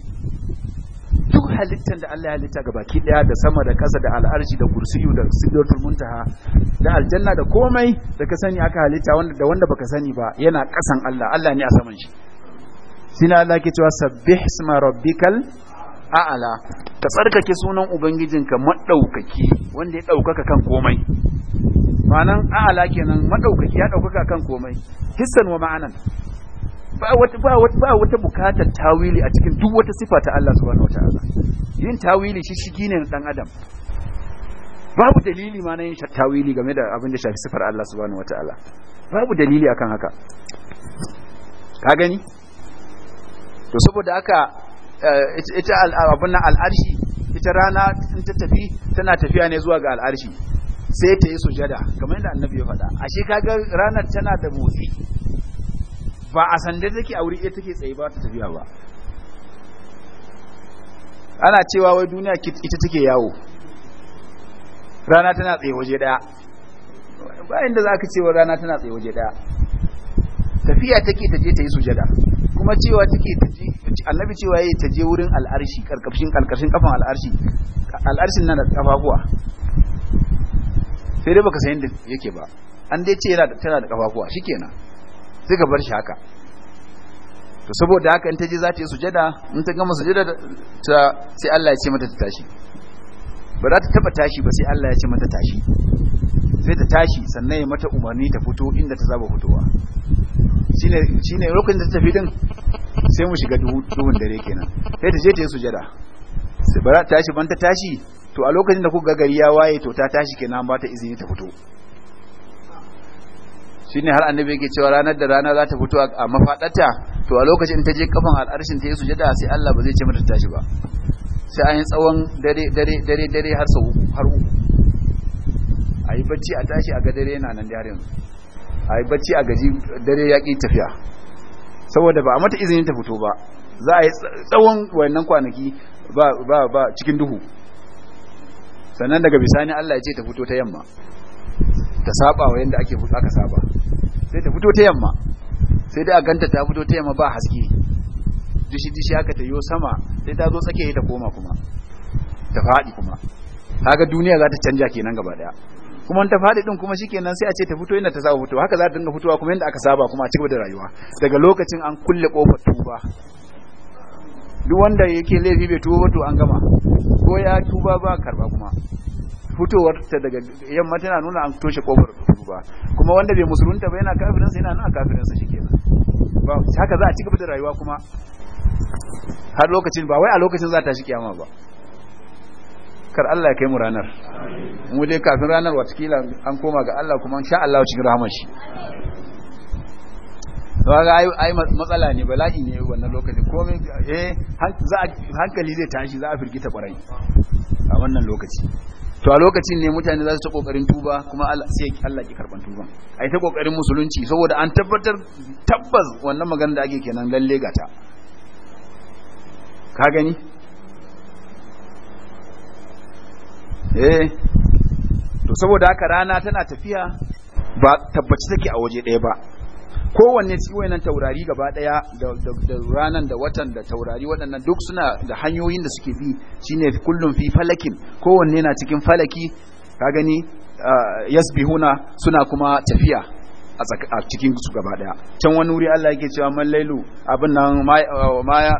duk halittar da Allah ya halitta ga baki daya da sama da kasa da al'arshi da kursiyu da sidratul muntaha da aljanna da komai da ka sani aka halitta wanda da wanda baka sani ba yana kasan Allah Allah ne a saman shi sina Allah ke cewa sabbih isma rabbikal a'ala ka tsarkake sunan ubangijinka madaukaki wanda ya daukaka kan komai ma'anan a'ala kenan madaukaki ya daukaka kan komai hissan wa ma'anan ba wata bukatar tawili a cikin duk wata sifa ta Allah subhanahu ta'ala yin tawili shi shi ne dan adam babu dalili ma na yin tawili game da abin da shafi sifar Allah subhanahu ta'ala babu dalili akan haka ka gani to saboda haka eh, ita abin nan al'arshi ita rana in ta tafi tana tafiya ne zuwa ga al'arshi sai ta yi sujada kamar yadda annabi ya faɗa ashe kaga ranar tana da motsi ba a sandar take a wuri take tsaye ba ta tafiya ba ana cewa wai duniya ita take yawo rana tana tsaye waje daya bayan da za ka cewa rana tana tsaye waje daya tafiya take ta je ta yi sujada kuma cewa take ta je annabi cewa yayi ta je wurin al'arshi karkashin karkashin kafan al'arshi al'arshin nan da kafafuwa sai dai baka san yadda yake ba an dai ce yana tana da kafafuwa shikenan suka bar shi haka to saboda haka in ta je za ta yi sujada in ta gama sujada ta sai Allah ya ce mata ta tashi ba za ta taba tashi ba sai Allah ya ce mata tashi sai ta tashi sannan ya mata umarni ta fito inda ta zaba fitowa shine shine lokacin da ta tafi din sai mu shiga duhun dare kenan sai ta je ta yi sujada sai ba za ta tashi ban ta tashi to a lokacin da kuka gari ya waye to ta tashi kenan ba ta izini ta fito ne har annabi yake cewa ranar da rana za ta fito a mafaɗata? to a lokacin ta je kafan al'arshin ta yi sujada sai Allah ba zai ce mata tashi ba sai an yi tsawon dare dare dare dare har sau har uku a yi bacci a tashi a ga dare yana nan dare yanzu a yi bacci a gaji dare ya ƙi tafiya saboda ba a mata izinin ta fito ba za a yi tsawon wayannan kwanaki ba ba ba cikin duhu sannan daga bisani Allah ya ce ta fito ta yamma ta saba wa yanda ake fito aka saba sai ta fito ta yamma sai dai a ganta ta fito ta yamma ba haske dishi dishi aka ta yo sama sai ta zo tsakiya ta koma kuma ta faɗi kuma kaga duniya za ta canja kenan gaba daya kuma ta faɗi din kuma shikenan sai a ce ta fito inda ta saba fitowa. haka za ta dinga fitowa kuma yanda aka saba kuma a cigaba da rayuwa daga lokacin an kulle kofar tuba duk wanda yake laifi bai tuba ba to an gama ko ya tuba ba karba kuma fitowar ta daga yamma tana nuna an toshe kofar ba kuma wanda bai musulunta ba yana kafirin sa yana nan kafirin sa shike ba haka za a ci gaba da rayuwa kuma har lokacin ba wai a lokacin za ta shi kiyama ba kar Allah ya kai mu ranar mu dai kafin ranar watakila an koma ga Allah kuma sha Allah cikin rahmar shi ga ai matsala ne bala'i ne wannan lokacin komai eh hankali zai tashi za a firgita kwarai a wannan lokaci to a lokacin ne mutane za su ta kokarin tuba kuma Allah sai Allah ki karban tuba yi ta kokarin musulunci saboda an tabbatar tabbas wannan magana da ake kenan lalle gata ka gani eh to saboda haka rana tana tafiya ba tabbaci take a waje ɗaya ba kowanne cikin wayannan taurari gaba daya da ranan da watan da taurari waɗannan duk suna da hanyoyin da suke bi shine kullum fi falakin kowanne na cikin falaki ka gani yasbihuna suna kuma tafiya a cikin su gaba daya can wani wuri Allah yake cewa man lailu abin nan maya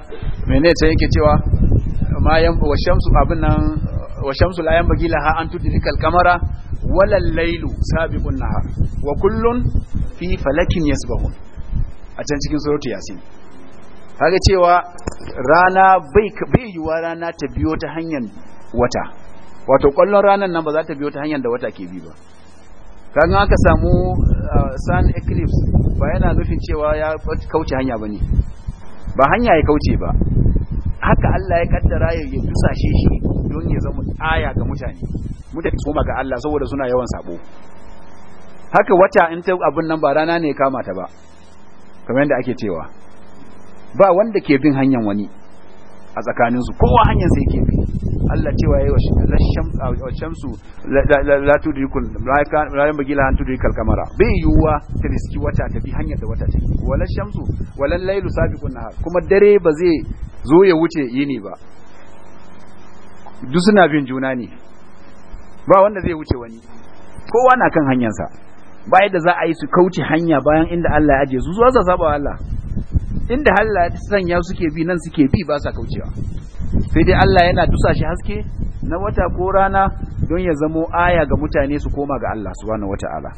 mene ta yake cewa mayan wa shamsu abin nan wa shamsu la yanbaghi laha an tudrika al-qamara wala lailu sabiqun nahar wa kullun fi falakin yasbahun a can cikin suratul yasin kaga cewa rana bai bai yiwa rana ta biyo ta hanyar wata wato kwallon ranan nan ba za ta biyo ta hanyar da wata ke bi ba kaga aka samu ah, sun eclipse ba yana nufin cewa ya kauce hanya bane ba hanya ya kauce ba haka Allah ya kaddara ya yi dusashe shi don ya zama aya ga mutane mutane koma ga Allah saboda suna yawan sabo haka wata in ta abin nan ba rana ne kama ta ba kamar yadda ake cewa ba wanda ke bin hanyar wani a tsakaninsu kowa hanyar sai ke bi Allah cewa yayi wa shamsu wa shamsu la tudrikun la yanbaghi an tudrikal kamara bi yuwa ta wata ta bi hanyar da wata ta wala shamsu wala laylu sabiqun nahar kuma dare ba zai zo ya wuce yini ba duk suna bin juna ne ba wanda zai wuce wani kowa na kan hanyarsa ba yadda za a yi su kauce hanya bayan inda Allah ya aje su zuwa sa saba Allah inda Allah ya sanya suke bi nan suke bi ba sa kaucewa sai dai Allah yana dusa shi haske na wata ko rana don ya zamo aya ga mutane su koma ga Allah subhanahu wata'ala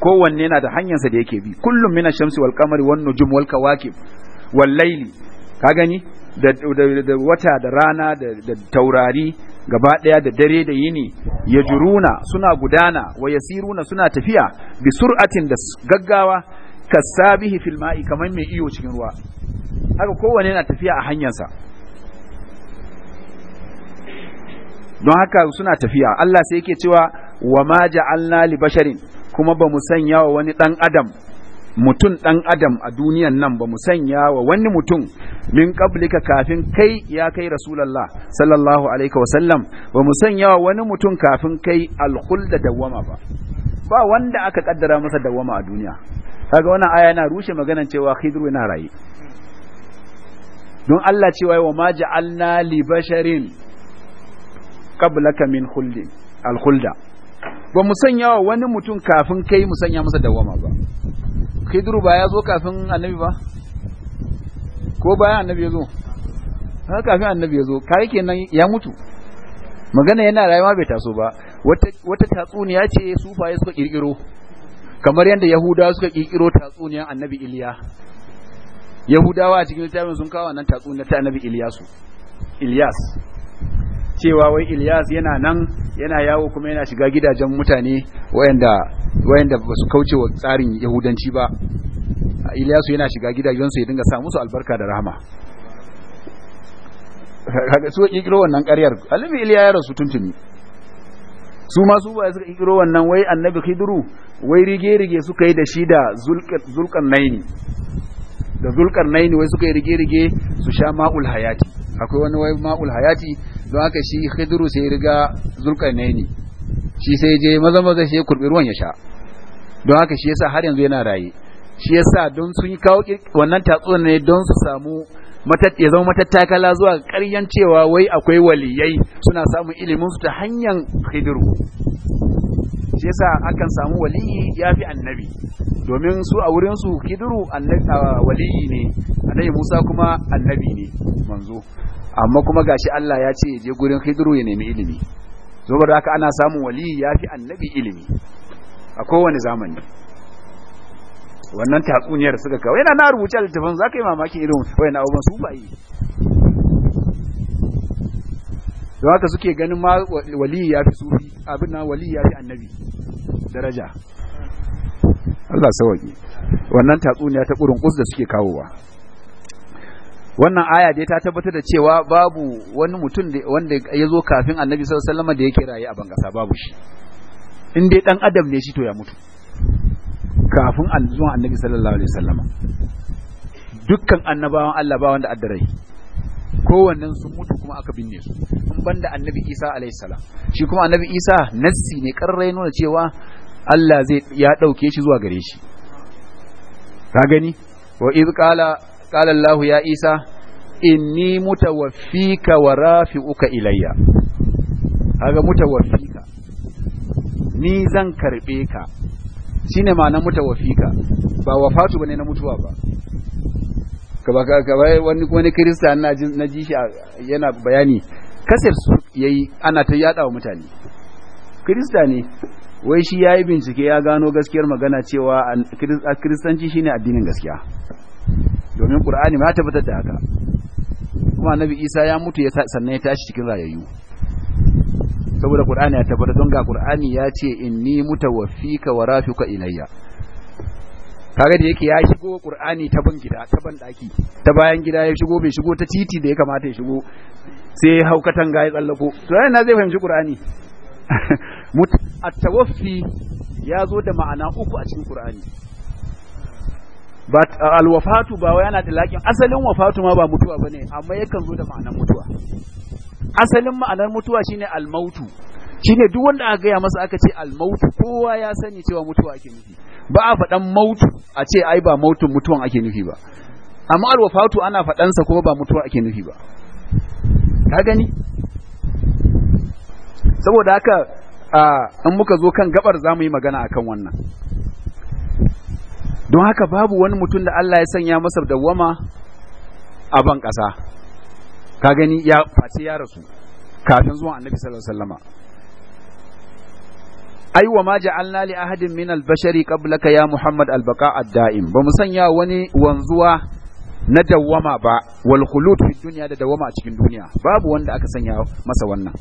kowanne na da hanyarsa da yake bi kullum mina shamsi wal kamari wan nujum wal kawakib wal layli ka gani da, wata da rana da, taurari gaba daya da dare da yini ya juruna suna gudana wa yasiruna suna tafiya bi sur'atin da gaggawa kasabihi fil ma'i kamar mai iyo cikin ruwa haka kowane na tafiya a hanyarsa don haka suna tafiya Allah sai yake cewa wa ma ja'alna li basharin kuma ba mu sanya wa wani dan adam mutum dan adam a duniyan nan ba mu sanya wa wani mutum min qablika kafin kai ya kai rasulullah sallallahu alaihi wa sallam ba mu sanya wa wani mutum kafin kai alkhulda dawama ba ba wanda aka kaddara masa dawama a duniya kaga wannan aya yana rushe maganan cewa khidru yana raye don Allah ce wa ma ja'alna li basharin qablaka min khuldin al khulda ba mu sanya wa wani mutum kafin kai mu sanya masa dawama ba khidru ba ya zo kafin annabi ba ko baya annabi ya zo ha kafin annabi ya zo kai kenan ya mutu magana yana rayuwa bai taso ba wata tatsuniya ce sufaye suka kirkiro kamar yadda yahudawa suka kirkiro tatsuniyan annabi iliya yahudawa a cikin littafin sun kawo nan tatsuniyar ta annabi Ilyasu Ilyas cewa wai Ilyas yana nan yana yawo kuma yana shiga gidajen mutane wayanda ba su kauce wa tsarin yahudanci ba Ilyasu yana shiga gidajensu ya dinga sa musu albarka da rahama su kikiro wannan ƙaryar alibi Iliya ya rasu tuntuni su ma su ba suka kikiro wannan wai annabi Khidru wai rige rige suka yi da shi da zulqan naini da zulkarnaini wai suka yi rige-rige su sha ma'ul hayati akwai wani wai ma'ul hayati don haka shi khidru sai riga zulkarnaini shi sai je maza maza shi ya kurbi ruwan ya sha don haka shi yasa har yanzu yana raye shi yasa don sun yi kawo wannan tatsuwa ne don su samu ya zama matattakala zuwa ƙaryan cewa wai akwai waliyai suna samun ilimin su ta hanyar khidru shi yasa akan samu waliyi yafi annabi domin su a wurin su kiduru waliyi ne annabi Musa kuma annabi ne manzo amma kuma gashi Allah ya ce je gurin kiduru ya nemi ilimi saboda haka ana samun waliyi yafi annabi ilimi a kowane zamani wannan tatsuniyar suka kawo yana na rubuce littafin za ka yi mamakin irin wayan abubuwan su ba yi Da haka suke ganin ma wali ya fi sufi abin na wali ya fi annabi daraja Allah sauki wannan tatsuniya ta ƙurin da suke kawowa wannan aya dai ta tabbatar da cewa babu wani mutum wanda ya zo kafin annabi sallallahu alaihi wasallam da yake raye a bangasa babu shi in dai dan adam ne shi to ya mutu kafin zuwan annabi sallallahu alaihi wasallam dukkan annabawan Allah ba wanda addarai kowannen sun mutu kuma aka binne su in banda annabi isa alayhi salam shi kuma annabi isa nassi ne karrai nuna cewa Allah zai ya dauke shi zuwa gare shi ka gani wa iz qala qala Allah ya isa inni mutawaffika wa rafi'uka ilayya kaga mutawaffika ni zan karbe ka shine ma'anar mutawaffika ba wafatu bane na mutuwa ba kamar wani wani kirista na ji shi yana bayani kasar su yayi ana ta yada wa mutane kirista ne wai shi yayi bincike ya gano gaskiyar magana cewa kiristanci shine addinin gaskiya domin qur'ani ma tabbatar da haka kuma annabi isa ya mutu ya sannan ya tashi cikin rayayyu saboda qur'ani ya tabbata don ga qur'ani ya ce inni mutawaffika wa rafiqa ilayya kaga da yake ya shigo qur'ani ta ban gida ta ban daki ta bayan gida ya shigo bai shigo ta titi da ya kamata ya shigo sai haukatan ga ya tsallako to yana zai fahimci qur'ani at-tawaffi ya zo da ma'ana uku a cikin qur'ani ba al-wafatu ba wai yana da lakin asalin wafatu ma ba mutuwa bane amma yakan zo da ma'anar mutuwa asalin ma'anar mutuwa shine al-mautu Shi ne duk wanda aka gaya masa aka ce almautu kowa ya sani cewa mutuwa ake nufi ba a faɗan mautu a ce ai ba mautun mutuwan ake nufi ba amma alwafatu ana faɗansa kuma ba mutuwa ake nufi ba ka gani saboda haka in muka zo kan gabar za mu yi magana a kan wannan don haka babu wani mutum da Allah ya sanya masa dawwama a ban ƙasa ka gani ya face ya rasu kafin zuwa annabi sallallahu alaihi wasallama ai wa ma ja'alna li ahadin min al-bashari qablaka ya Muhammad al-baqa ad-da'im ba mu sanya wani wanzuwa na dawwama ba wal khulud fi dunya da dawwama a cikin duniya babu wanda aka sanya masa wannan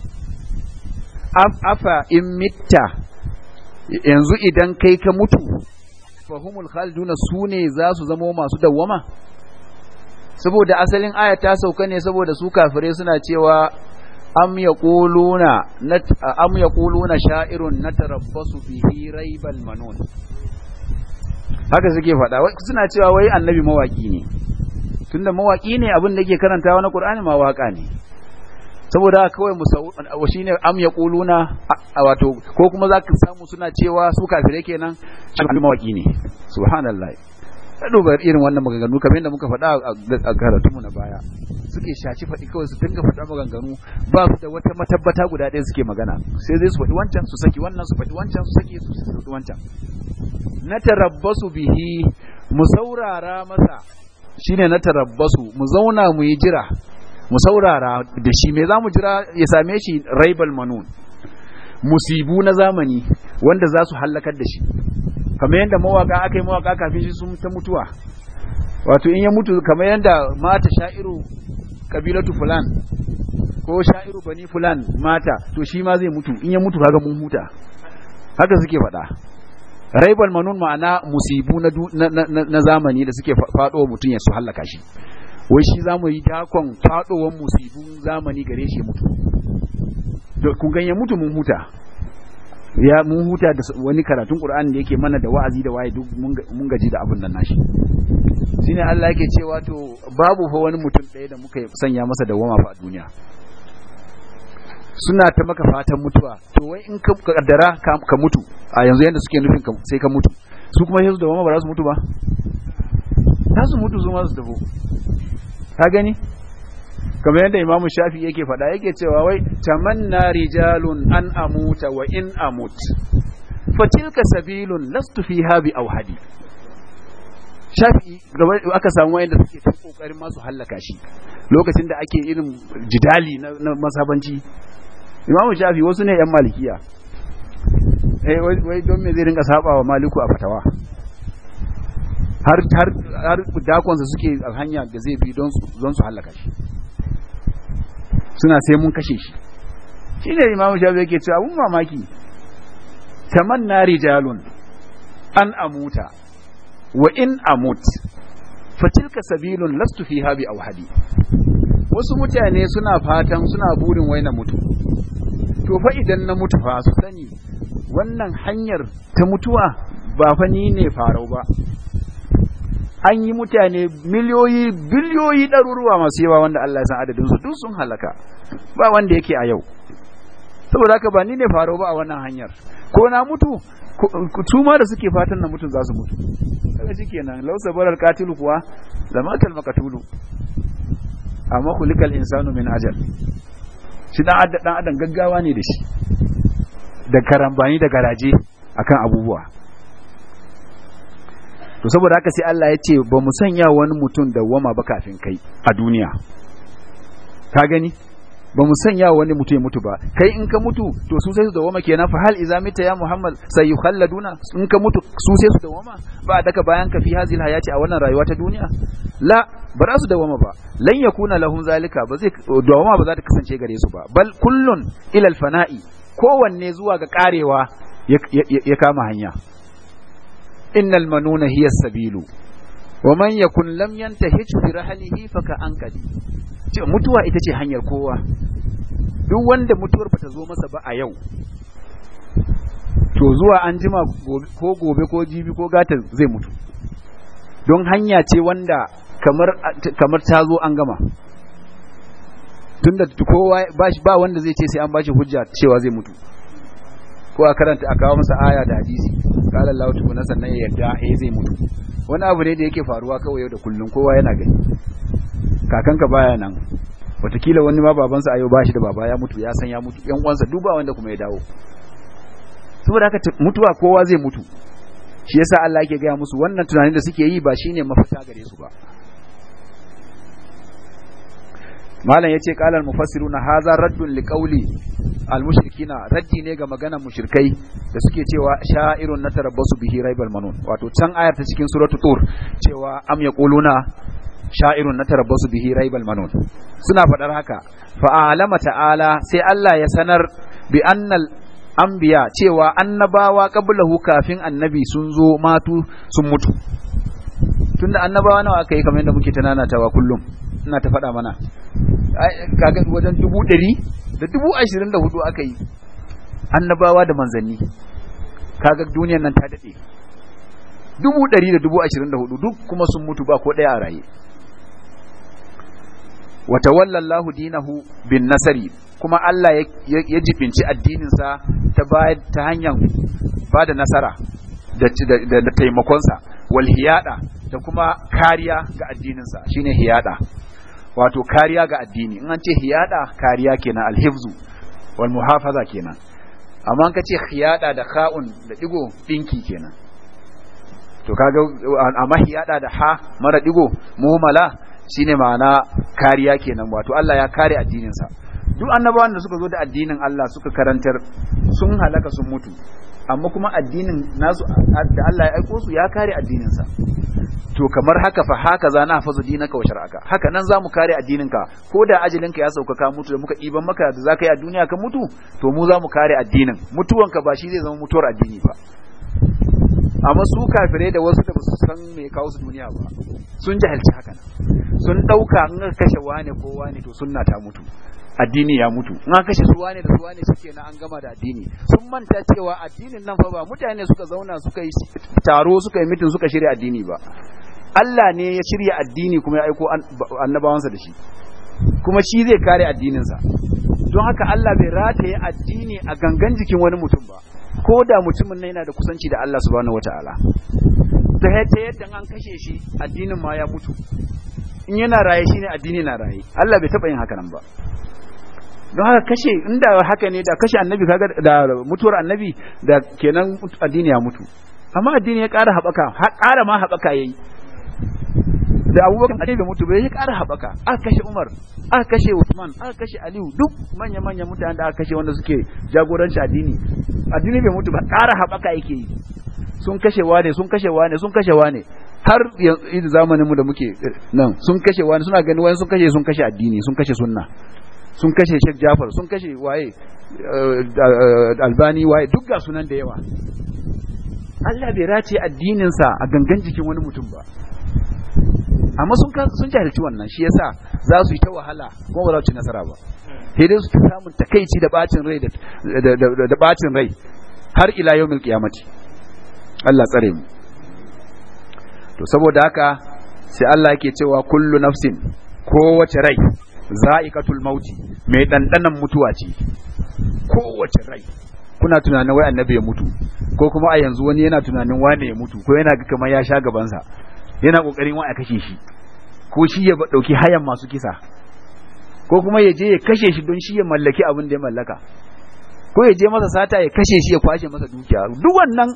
afa in mitta yanzu idan kai ka mutu fahumul khaliduna sune za su zamo masu dawwama saboda asalin aya ta sauka ne saboda su kafire suna cewa am yaquluna am yaquluna sha'irun natarabbasu bihi raibal manun haka suke faɗa suna cewa wai annabi mawaki ne tunda mawaki ne abin da yake karantawa na Qur'ani ma waka ne saboda kawai mu shine am yaquluna wato ko kuma zaka samu suna cewa su kafire kenan annabi mawaki ne subhanallahi ta duba irin wannan maganganu kamar yadda muka faɗa a karatunmu na baya suke shaci faɗi kawai su dinga faɗa maganganu ba su da wata matabbata guda ɗaya suke magana sai zai su faɗi wancan su saki wannan su faɗi wancan su saki su faɗi wancan na tarabbasu bihi mu saurara masa shine na tarabbasu mu zauna mu yi jira mu saurara da shi me za mu jira ya same shi raibal manun musibu na zamani wanda za su hallakar da shi kamar yadda mawaka aka yi mawaka kafin shi sun ta mutuwa wato in ya mutu kamar yadda mata sha'iru kabilatu fulan ko sha'iru bani fulan mata to shi ma zai mutu in ya mutu kaga mun huta haka suke faɗa raibal manun ma'ana musibu na, zamani da suke faɗowa mutum ya su hallaka shi wai shi za mu yi dakon faɗowan musibun zamani gare shi mutu kun ganye mutu mun huta ya mun huta da wani karatun Qur'ani da yake mana da wa'azi da waye duk mun gaji da abin nan nashi shine Allah yake cewa to babu fa wani mutum ɗaya da muka sanya masa dawama fa a duniya suna ta maka fatan mutuwa to wai in ka kaddara ka mutu a yanzu yanda suke nufin sai ka mutu su kuma yanzu da wama ba za su mutu ba za su mutu su su tafi ka gani kamar yadda imamu shafi yake faɗa yake cewa wai tamanna rijalun an amuta wa in amut fatilka sabilun lastu habi bi hadi shafi aka samu wayanda suke ta kokarin masu hallaka shi lokacin da ake irin jidali na masabanci imamu shafi wasu ne yan malikiya eh wai don me zai rinka saba wa maliku a fatawa har har har dakonsa suke a hanya da zai bi don su su shi suna sai mun kashe shi shine imamu shafi yake cewa abun mamaki tamanna rijalun an amuta wa in amut fatilka sabilun lastu fiha bi auhadi wasu mutane suna fatan suna burin wai na mutu to fa idan na mutu fa su sani wannan hanyar ta mutuwa ba fa ni ne farau ba an yi mutane miliyoyi biliyoyi ɗaruruwa masu yawa wanda Allah ya san su duk sun halaka ba wanda yake a yau saboda haka ba ni ne faro ba a wannan hanyar ko na mutu su ma da suke fatan na mutun za su mutu kaga shikenan law sabaral qatil kuwa lamatal maqtulu amma kulikal insanu min ajal shi dan adam dan gaggawa ne da shi da karambani da garaje akan abubuwa to saboda haka sai Allah ya ce ba mu sanya wani mutum dawwama ba kafin kai a duniya ka gani ba mu sanya wani mutum ya mutu ba kai in ka mutu to su sai su dawama kenan fa hal iza mita ya muhammad sai yukhalladuna in ka mutu su sai su dawama ba daka bayan ka fi hazil hayati a wannan rayuwa ta duniya la ba za su dawama ba lan yakuna lahum zalika ba zai dawama ba za ta kasance gare su ba bal kullun ila al fana'i kowanne zuwa ga karewa ya kama hanya innal manuna hiya sabilu wa man yakun lam yantahij fi rahlihi faka anqadi mutuwa ita ce hanyar kowa duk wanda mutuwar bata zo masa ba a yau to zuwa an jima ko gobe ko jibi ko gata zai mutu don hanya ce wanda kamar ta zo an gama tunda kowa ba wanda zai ce sai an bashi hujja cewa zai mutu ko a karanta a kawo masa aya da hadisi kala Allah kuna sannan ya yadda eh zai mutu wani abu ne da yake faruwa kawai yau da kullun kowa yana gani kakanka baya nan watakila wani ma babansa ayo bashi da baba ya mutu ya san ya mutu yan uwansa duba wanda kuma ya dawo saboda haka mutuwa kowa zai mutu shi yasa Allah yake gaya musu wannan tunanin da suke yi ba shine mafita gare su ba malam yace qala al mufassiruna hadha raddun li qawli al mushrikina raddi ne ga maganar mushrikai da suke cewa sha'irun natarabbasu bihi raibal manun wato can ayar ta cikin suratul tur cewa am yaquluna sha'irun natarabbasu bihi raibal manun suna fadar haka fa alama ta'ala sai Allah ya sanar bi annal anbiya cewa annabawa qablahu kafin annabi sun zo matu sun mutu tunda annabawa nawa aka yi kamar yadda muke tawa kullum ina ta faɗa mana kaga wajen dubu ɗari da dubu ashirin da hudu aka yi annabawa da manzanni kaga duniyan nan ta daɗe dubu ɗari da dubu ashirin da hudu duk kuma sun mutu ba ko ɗaya a raye wata wallallahu dinahu bin nasari kuma Allah ya jibinci addininsa ta ta hanyar ba da nasara da taimakonsa walhiyaɗa da kuma kariya ga addininsa shine hiyada wato kariya ga addini in an ce hiyada kariya kenan alhifzu wal muhafaza kenan amma an ka ce hiyada da kha'un da digo dinki kenan to kaga amma hiyada da ha mara digo muhmala shine ma'ana kariya kenan wato Allah ya kare addinin sa duk annabawan da suka zo da addinin Allah suka karantar sun halaka sun mutu amma kuma addinin nasu da Allah ya aiko su ya kare addininsa to kamar haka fa haka za na hafazu dinaka wa shar'aka haka nan za mu kare addininka ko da ajalinka ya sauka ka mutu da muka iban maka da za ka yi a duniya ka mutu to mu za mu kare addinin mutuwanka ba shi zai zama mutuwar addini ba amma su kafirai da wasu da basu san me kawo su duniya ba sun jahilci haka nan sun dauka an kashe wane ko wane to sunna ta mutu addini ya mutu in aka kashe suwa ne da suwa ne suke na an gama da addini sun manta cewa addinin nan fa ba mutane suka zauna suka yi taro suka yi mitin suka shirya addini ba Allah ne ya shirya addini kuma ya aiko annabawansa da shi kuma shi zai kare addininsa don haka Allah bai rataye addini a gangan jikin wani mutum ba ko da mutumin nan yana da kusanci da Allah subhanahu wataala ta yadda an kashe shi addinin ma ya mutu in yana raye ne addini na raye Allah bai taba yin haka nan ba don haka kashe inda haka ne da kashe annabi kaga da mutuwar annabi da kenan addini ya mutu amma addini ya ƙara haɓaka ƙara ma haɓaka yayi da abubakar addini bai mutu bai ya ƙara haɓaka aka kashe umar aka kashe usman aka kashe aliyu duk manya-manyan mutane da aka kashe wanda suke jagoranci addini addini bai mutu ba ƙara haɓaka yake yi sun kashe wane sun kashe wane sun kashe wane har yanzu zamaninmu da muke eh, nan sun kashe ne suna gani wani sun kashe sun kashe addini sun kashe sunna sun kashe Sheikh Jafar sun kashe waye eh, Albani waye duk ga sunan da yawa Allah bai race addininsa a gangan jikin wani mutum ba amma sun sun jahilci wannan shi yasa za su yi ta wahala kuma ba za su ci nasara ba sai su ta samun takaici da bacin rai da bacin rai har ila mil kiyamati Allah tsare mu to saboda haka sai Allah yake cewa kullu nafsin kowace rai za'ikatul mauti mai dandanan mutuwa ce kowace rai kuna tunanin wai annabi ya mutu ko kuma a yanzu wani yana tunanin wane ya mutu ko yana kamar ya sha gabansa yana kokarin wa a kashe shi ko shi ya dauki hayan masu kisa ko kuma ya je ya kashe shi don shi ya mallaki abin da ya mallaka ko ya je masa sata ya kashe shi ya kwashe masa dukiya duk wannan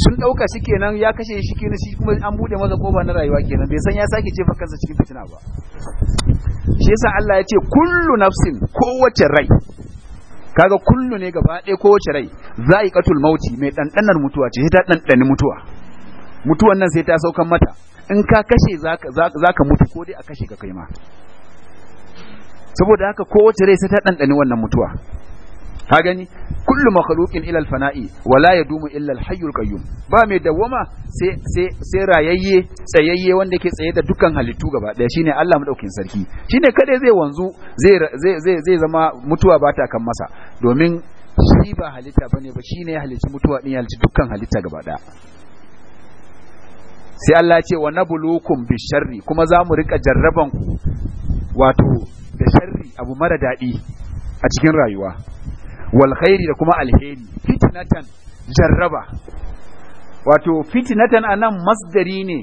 sun dauka shi kenan ya kashe shi kenan shi kuma an bude masa kofa na rayuwa kenan bai san ya sake jefa kansa cikin fitina ba shi yasa Allah ya ce kullu nafsin kowace rai kaga kullu ne gaba ɗaya kowace rai za'iqatul mauti mai dandanar mutuwa ce ta dandani mutuwa mutuwan nan sai ta saukan mata in ka kashe zaka zaka mutu ko dai a kashe ka kai ma saboda haka kowace rai sai ta ɗanɗani wannan mutuwa ka gani kullu makhluqin ila al-fana'i wa la yadumu illa al-hayyul qayyum ba mai dawwama sai sai sai rayayye tsayayye wanda ke tsaye da dukkan halittu gaba daya shine Allah madaukin sarki shine kada zai wanzu zai zai zai zama mutuwa ba ta kan masa domin shi ba halitta bane ba shine ya halitta mutuwa din ya halitta dukkan halitta gaba daya sai Allah ya ce wa nabluukum bisharri kuma za mu rika jarraban ku wato da sharri abu mara daɗi a cikin rayuwa wal da kuma alheri fitnatan jarraba wato fitnatan anan masdari ne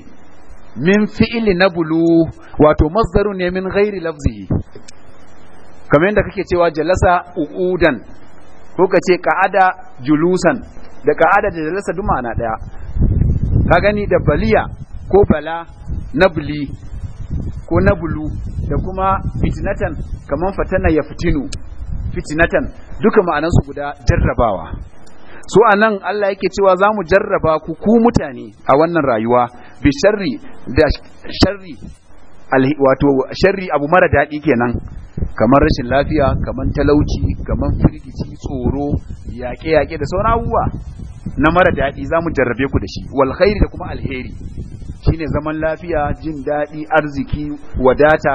min fi'ili na bulu wato masdaru ne min ghairi lafzihi kamar yadda kake cewa jalasa u'udan ko ka ce ka'ada julusan da ka'ada da jalasa duma na daya ka gani da baliya ko bala nabli ko nabulu da kuma fitnatan kamar fatana ya fitinu fitinatan duka ma'anansu guda jarrabawa so anan Allah yake cewa za mu jarraba ku ku mutane a wannan rayuwa bi sharri da sharri wato sharri abu mara daɗi kenan kamar rashin lafiya kamar talauci kamar firgici tsoro yaƙe-yaƙe da sauran abubuwa na mara daɗi za mu jarrabe ku da shi wal da kuma alheri shine zaman lafiya jin daɗi arziki wadata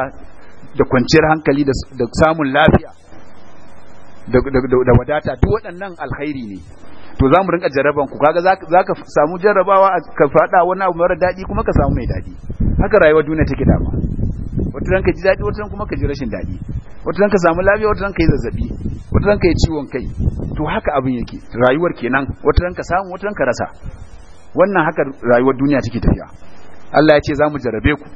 da kwanciyar hankali da samun lafiya da wadata duk waɗannan alkhairi ne to za mu rinka jaraban ku kaga za ka samu jarabawa ka faɗa wani abu mara daɗi kuma ka samu mai daɗi haka rayuwar duniya take dama wata ranka ji daɗi wata kuma ka ji rashin daɗi wata ranka samu lafiya wata ranka yi zazzabi wata ranka yi ciwon kai to haka abin yake rayuwar kenan wata ranka samu wata ranka rasa wannan haka rayuwar duniya take tafiya Allah ya ce za mu jarabe ku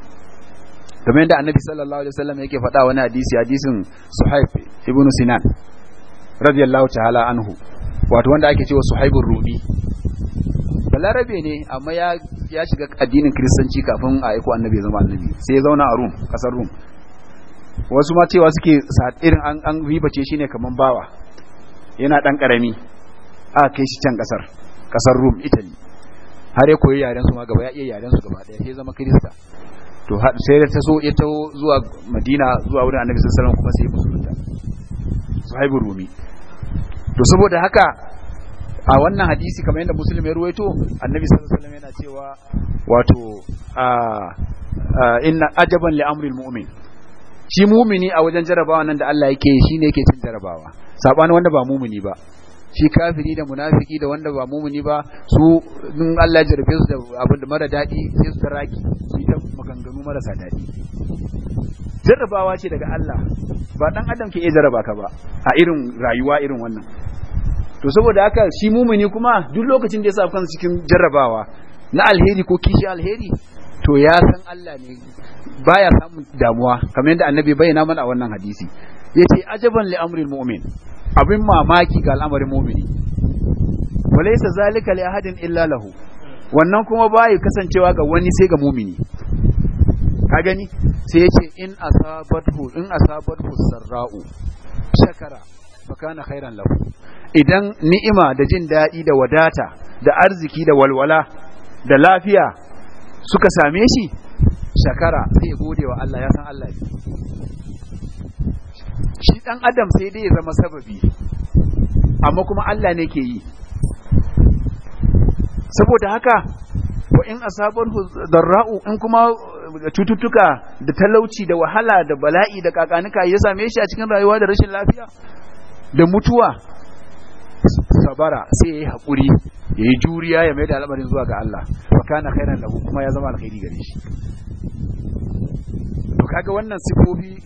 kamar yadda annabi sallallahu alaihi wasallam yake faɗa wani hadisi hadisin suhaib ibnu sinan radiyallahu ta'ala anhu wato wanda ake cewa suhaibun rubi balarabe ne amma ya ya shiga addinin kiristanci kafin a aiko annabi zama annabi sai ya zauna a rum kasar rum wasu ma cewa suke irin an an ribace shi ne kaman bawa yana dan karami a kai shi can kasar kasar rum italy har ya koyi yaren su ma gaba ya iya yaren su gaba daya sai zama kirista to sai ta so ya taho zuwa madina zuwa wurin annabi sallallahu alaihi wasallam kuma sai ya musulunta suhaibur rumi to saboda haka a wannan hadisi kamar yadda muslim ya ruwaito annabi sallallahu alaihi yana cewa wato inna ajaban li amri mu'min shi mumini a wajen jarabawa nan da Allah yake shi shine yake cin jarabawa sabanin wanda ba mumini ba shi kafiri da munafiki da wanda ba mumuni ba su in Allah ya jarfe su da abin da mara daɗi sai su taraki su ta maganganu marasa dadi jarrabawa ce daga Allah ba dan adam ke iya jarraba ka ba a irin rayuwa irin wannan to saboda haka shi mumuni kuma duk lokacin da ya sa kansa cikin jarrabawa na alheri ko kishi alheri to ya san Allah ne baya samun damuwa kamar yadda annabi bayyana mana a wannan hadisi yace ajaban li amril mu'min abin mamaki ga al'amarin mumini walaysa zalika li ahadin illa lahu wannan kuma bai kasancewa ga wani sai ga mumini ka gani sai yace in asabathu in asabathu sarra'u shakara fa kana khairan lahu idan ni'ima da jin daɗi da wadata da arziki da walwala da lafiya suka same shi shakara sai gode wa Allah ya san Allah shi ɗan adam sai dai ya zama sababi amma kuma Allah ne ke yi saboda haka wa in asabar darra'u in kuma eh, cututtuka da talauci da wahala da bala'i da kakanuka ya same shi a cikin rayuwa da rashin lafiya da mutuwa sabara sai ya yi haƙuri ya yi juriya ya mai da al'amarin zuwa ga Allah fa kana khairan lahu kuma ya zama alkhairi gare shi kaga wannan sifofi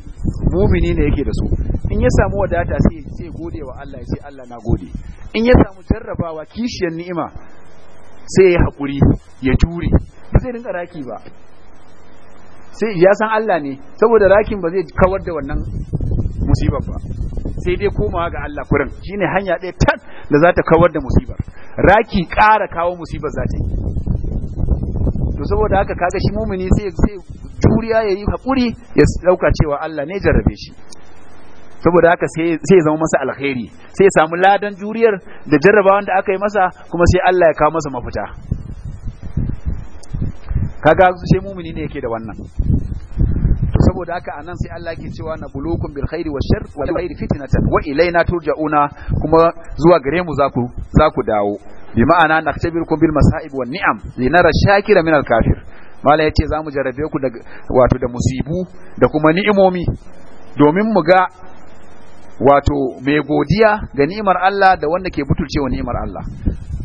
mumini ne yake da su in ya samu wadata sai ya gode wa Allah ya ce Allah na gode in ya samu jarrabawa kishiyar ni'ima sai ya haƙuri ya jure ba zai dinga raki ba sai ya san Allah ne saboda rakin ba zai kawar da wannan musibar ba sai dai komawa ga Allah kurin shine hanya ɗaya tak da za ta kawar da musibar raki ƙara kawo musibar za ta yi to saboda haka kaga shi mumini sai sai juriya yayi hakuri ya dauka cewa Allah ne jarrabe shi saboda haka sai sai zama masa alkhairi sai ya samu ladan juriyar da jarraba da aka yi masa kuma sai Allah ya kawo masa mafita kaga sai mumini ne yake da wannan saboda haka anan sai Allah yake cewa na bulukum bil khairi washar wal khairi fitnatan wa ilaina turja'una kuma zuwa gare mu za ku za ku dawo bi ma'ana naktabirukum bil masa'ib wan ni'am linara shakira min al kafir mala yace zamu jarabe ku da wato da musibu da kuma ni'imomi domin mu ga wato mai godiya ga ni'imar Allah da wanda ke butulcewa ni'imar Allah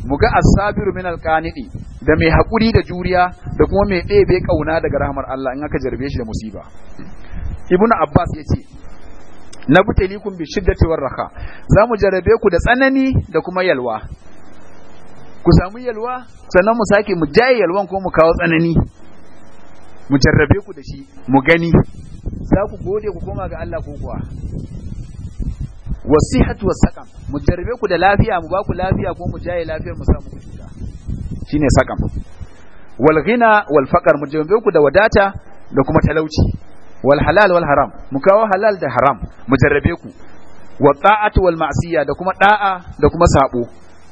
mu ga asabiru min qanidi da mai hakuri da juriya da kuma mai ɗebe kauna daga rahmar Allah in aka jarabe shi da musiba ibnu abbas yace na butelikum bi shiddati war raha zamu jarabe ku da tsanani da kuma yalwa ku samu yalwa sannan mu sake mu jaye yalwan ko mu kawo tsanani mu jarrabe ku da shi mu gani za ku gode ku koma ga Allah ko kuwa wasihatu wasaqam mu jarrabe ku da lafiya mu ba ku lafiya ko mu jaye lafiyar mu samu ku cuta shine sakam. wal ghina wal faqr mu jarrabe ku da wadata da kuma talauci wal halal wal haram mu kawo halal da haram mu jarrabe ku wa ta'atu wal ma'siya da kuma da'a da kuma sabo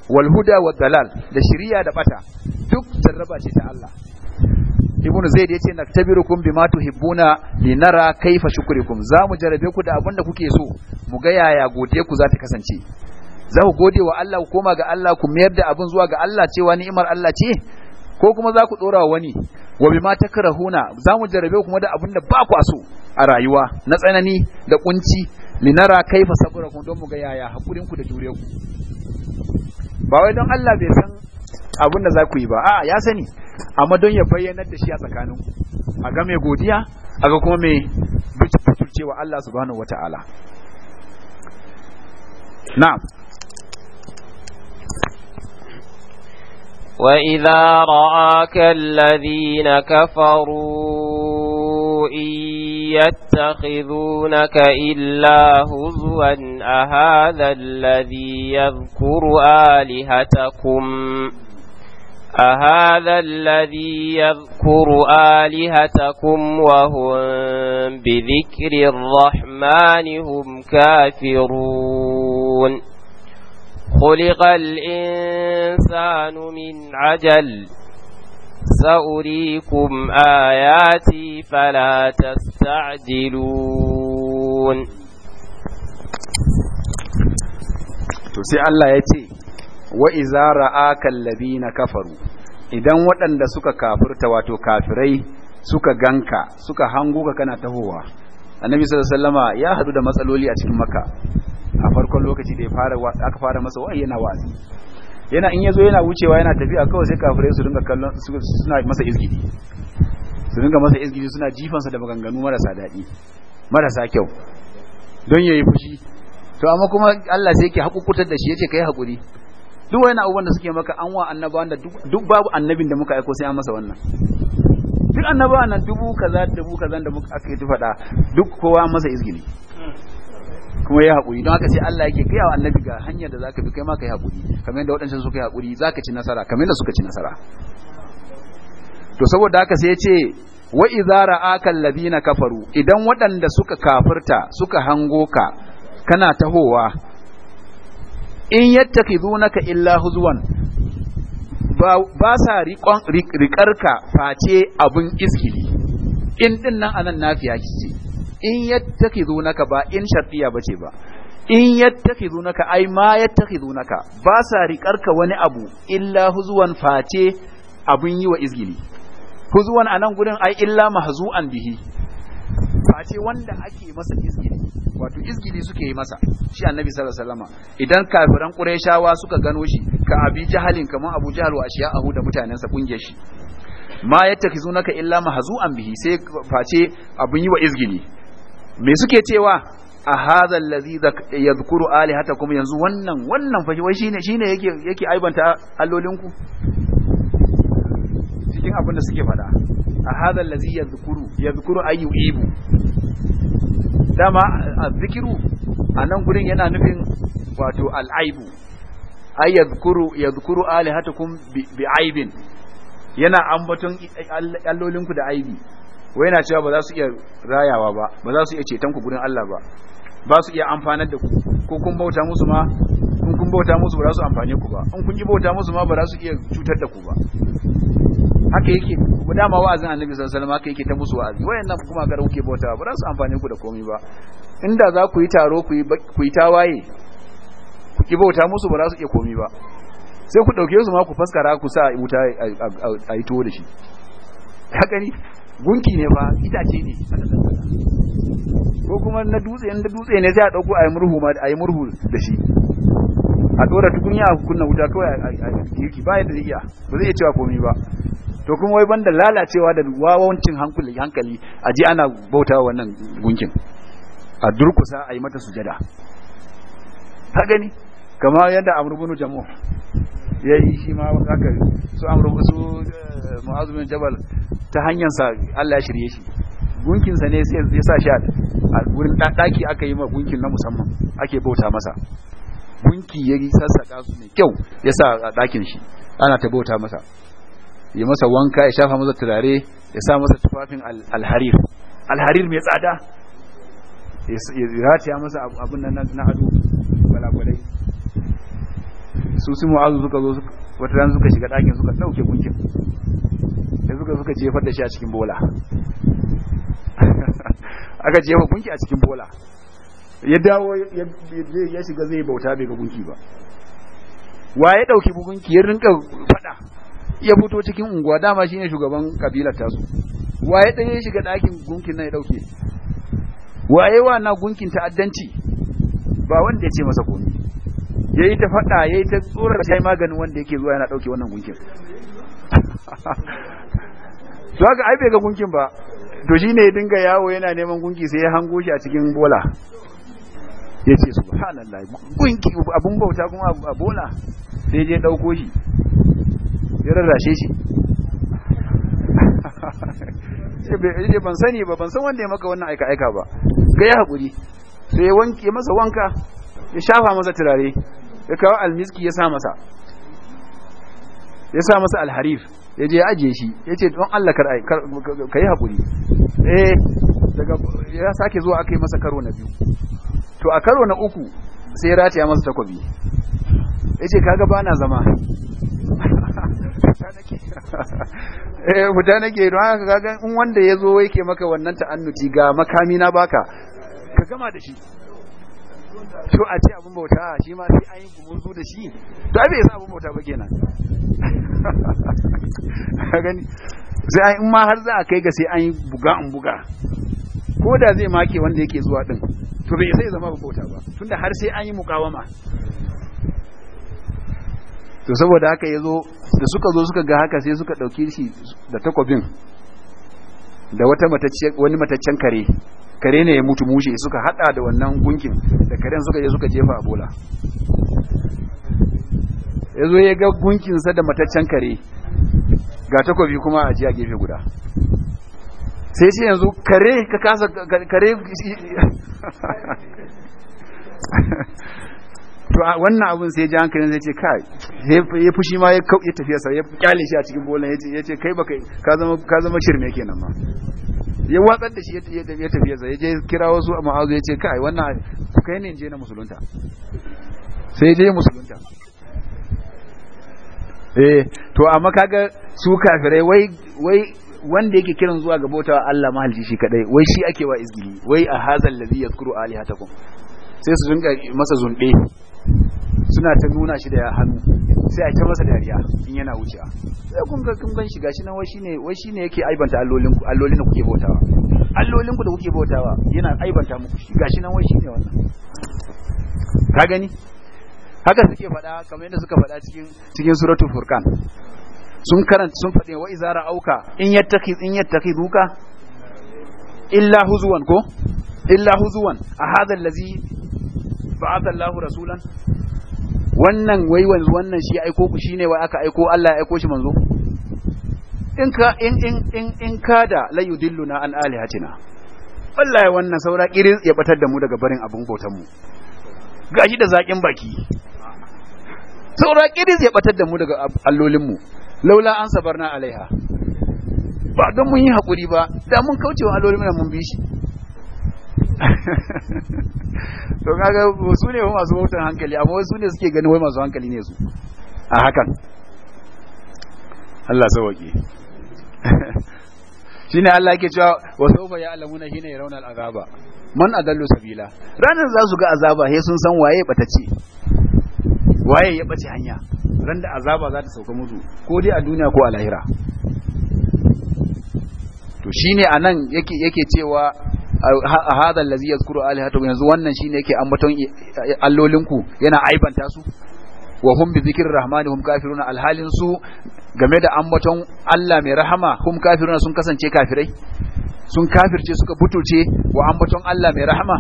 wal huda wa dalal da shiriya da bata duk jarraba ce ta Allah ibnu zaid yace naktabirukum bima tuhibbuna linara kaifa shukrukum za mu jarabe ku da abin da kuke so mu ga yaya godiye ku za ta kasance za ku gode wa Allah ku koma ga Allah ku mayar da abin zuwa ga Allah cewa ni'imar Allah ce ko kuma za ku dora wa wani wa bima takrahuna za mu jarabe kuma da abin da ba ku so a rayuwa na tsanani da kunci linara kaifa sabrukum don mu ga yaya hakurin ku da juriyar ku ba wai don Allah bai san abin da za ku yi ba a'a ya sani amma don ya bayyanar da shi a tsakanin a ga mai godiya a ga kuma mai cewa, Allah subhanahu wata'ala na'am وإذا رآك الذين كفروا إن يتخذونك إلا هزوا أهذا الذي يذكر آلهتكم أهذا الذي يذكر آلهتكم وهم بذكر الرحمن هم كافرون خلق الإنسان من عجل سأريكم آياتي فلا تستعجلون تسي الله يتي وإذا رآك الذين كفروا idan waɗanda suka kafirta wato kafirai suka ganka suka hango ka kana tahowa annabi sallallahu alaihi ya hadu da matsaloli a cikin makka a farkon lokaci da ya fara aka fara masa wa'ayi na wa'azi yana in yazo yana wucewa yana tafiya kawai sai kafirai su dinga kallon suna masa izgidi su dinga masa izgidi suna jifansa da maganganu marasa daɗi marasa kyau don yayi fushi to amma kuma Allah sai yake hakukutar da shi yace kai hakuri duk wani abubuwan da suke maka an wa annabawan da duk babu annabin da muka aiko sai an masa wannan duk annaba nan dubu kaza dubu kaza da muka aka yi faɗa duk kowa masa izgidi. kuma ya haƙuri don haka sai Allah yake gaya wa annabi ga hanyar da zaka bi kai ma kai haƙuri kamar yadda waɗancan suka yi haƙuri zaka ci nasara kamar yadda suka ci nasara to saboda haka sai ya ce wa idza ra'aka alladhina kafaru idan waɗanda suka kafirta suka hango ka kana tahowa in yattakhidunaka illa huzwan ba sa riƙarka face abun iskili in ɗin nan anan nafiya ce in yattakizunaka ba in shartiya bace ba in yattakhizunaka ai ma yattakhizunaka ba sa riƙarka wani abu illa huzuwan face abun yi wa izgili huzuwan anan gurin ai illa mahzu'an bihi face wanda ake masa izgili wato izgili suke yi masa shi annabi sallallahu alaihi wasallam idan kafiran quraishawa suka gano shi ka abi jahalin kaman abu jahal wa ahu da mutanensa kungiyar shi ma yattakhizunaka illa mahzu'an bihi sai face abun yi wa izgili me suke cewa a hadha allazi yadhkuru alihatakum yanzu wannan wannan fa wai shine shine yake yake aibanta allolinku cikin abin da suke faɗa a hadha allazi yadhkuru yadhkuru ayu ibu dama azzikiru anan gurin yana nufin wato al'aibu ay yadhkuru yadhkuru alihatakum bi aibin yana ambaton allolinku da aibi wai yana cewa ba za su iya rayawa ba ba za su iya ceton ku gurin Allah ba ba su iya amfanar da ku ko kun bauta musu ma kun kun bauta musu ba za su amfane ku ba in kun yi bauta musu ma ba za su iya cutar da ku ba haka yake dama wa'azin annabi sallallahu alaihi haka yake ta musu wa'azi wayannan kuma ga kuke bauta ba za su amfane ku da komai ba inda za ku yi taro ku yi ku yi tawaye ku ki bauta musu ba za su iya komai ba sai ku dauke su ma ku faskara ku sa wuta a yi tuwo da shi haka ni gunki ne ba itace ne ko kuma na dutse na dutse ne sai a dauko ayi murhu ma ayi murhu da shi a dora tukunya a kunna wuta kawai a girki ba yadda iya ba zai cewa komai ba to kuma wai banda lalacewa da wawancin hankali hankali a ji ana bautawa wannan gunkin a durkusa a yi mata sujada ka gani kamar yadda amrubunu jamu ya yi shi ma haka su amru su eh, mu'azu bin jabal ta hanyar sa Allah ya shirye shi gunkin sa ne sai ya sa shi a gurin daki aka yi ma gunkin na musamman ake bauta masa gunki ya yi sassaka su ne kyau ya sa a dakin shi ana ta bauta masa ya masa wanka ya shafa masa turare ya sa masa tufafin alharir alharir mai tsada ya rataya masa abin nan na ado balagwalai su su mu'azu suka zo wata ran suka shiga ɗakin suka ɗauke gunkin da suka suka jefar da shi a cikin bola aka jefa gunki a cikin bola ya dawo ya shiga zai bauta bai ga gunki ba wa ya ɗauki gunki ya rinka faɗa ya fito cikin unguwa dama shine shugaban kabilar tasu wa ya ɗaya ya shiga ɗakin gunkin na ya ɗauke wa ya wa na gunkin ta'addanci ba wanda ya ce masa komi yayi ta fada yayi ta tsorar sai maganin wanda yake zuwa yana dauke wannan gunkin to haka ai bai ga gunkin ba to shine ya dinga yawo yana neman gunki sai ya hango shi a cikin bola yace subhanallah gunki abun bauta kuma a bola sai je dauko shi ya rarrashe shi ce ban sani ba ban san wanda ya maka wannan aika-aika ba ga ya haƙuri sai ya wanke masa wanka ya shafa masa turare ya kawo almiski ya sa masa ya sa masa alharif ya je ya ajiye shi ya ce don Allah ka yi haƙuri eh daga ya sake zuwa aka yi masa karo na biyu to a karo na uku sai ya rataya masa takobi ya ce kaga ba na zama eh huta nake don haka kaga in wanda ya zo yake maka wannan ta'annuti ga makami na baka ka gama da shi to a ce abin bauta shi ma sai an yi gumurzu da shi to ai bai yasa abin bauta ba kenan gani sai in ma har za a kai ga sai an yi buga in buga ko da zai make wanda yake zuwa din to bai sai zama bauta ba tunda har sai an yi mukawama to saboda haka yazo da suka zo suka ga haka sai suka dauke shi da takobin da wata matacce wani mataccen kare kare ne ya mutu mushe suka hada da wannan gunkin da karen suka je suka jefa a bola ya zo ya ga gunkinsa da mataccen kare ga takobi kuma a jiya gefe guda sai ce yanzu kare ka kasa kare to wannan abun sai ji hankalin zai ce kai ya fushi ma ya tafiya tafiyarsa ya kyale shi a cikin bolan ya ce kai baka ka zama ka zama shirme kenan ma ya watsar da shi ya tafi tafiyarsa ya je kira wasu a ma'azu ya ce kai wannan ku kai ne je na musulunta sai je musulunta eh to amma kaga su kafirai wai wai wanda yake kiran zuwa ga bautawa Allah mahalci shi kadai wai shi ake wa izgili wai a hazal ladhi yadhkuru alihatakum sai su dinga masa zunbe suna ta nuna shi da hannu sai a ta masa dariya in yana wuce. sai kun ga kun gan shi gashi nan wai shine wai shine yake aibanta allolin ku allolin da kuke bautawa allolin ku da kuke bautawa yana aibanta muku shi gashi nan wai shine wannan ka gani haka suke faɗa kamar yadda suka faɗa cikin cikin suratul furqan sun karanta sun faɗe wa izara auka in yattaki in yattaki duka illa huzuwan ko illa huzuwan a hadha allazi ba'atha Allahu rasulan wannan wai wanzu wannan shi aiko ku shine wai aka aiko Allah ya aiko shi manzo in ka in in in in kada la yudilluna an alihatina wallahi wannan saura kirin ya batar da mu daga barin abun bautan mu gashi da zakin baki saura kirin ya batar da mu daga allolin mu laula an sabarna alaiha ba don mun yi hakuri ba da mun kaucewa allolin mun bi shi to kaga su ne masu bautan hankali amma wasu ne suke ganin wai masu hankali ne su a hakan Allah sauke ne Allah yake cewa wa sawfa ya'lamuna hina raunar azaba man adallu sabila ranar za su ga azaba he sun san waye batace waye ya ɓace hanya ran da azaba za ta sauka musu ko dai a duniya ko a lahira to shi ne anan nan yake cewa A hada allazi yazkuru alihatakum yanzu wannan shi ne ke ambaton allolinku yana aibanta su wa hum bi dhikri rahmani hum kafiruna alhalin su game da ambaton Allah mai rahama hum kafiruna sun kasance kafirai sun kafirce suka butuce wa ambaton Allah mai rahama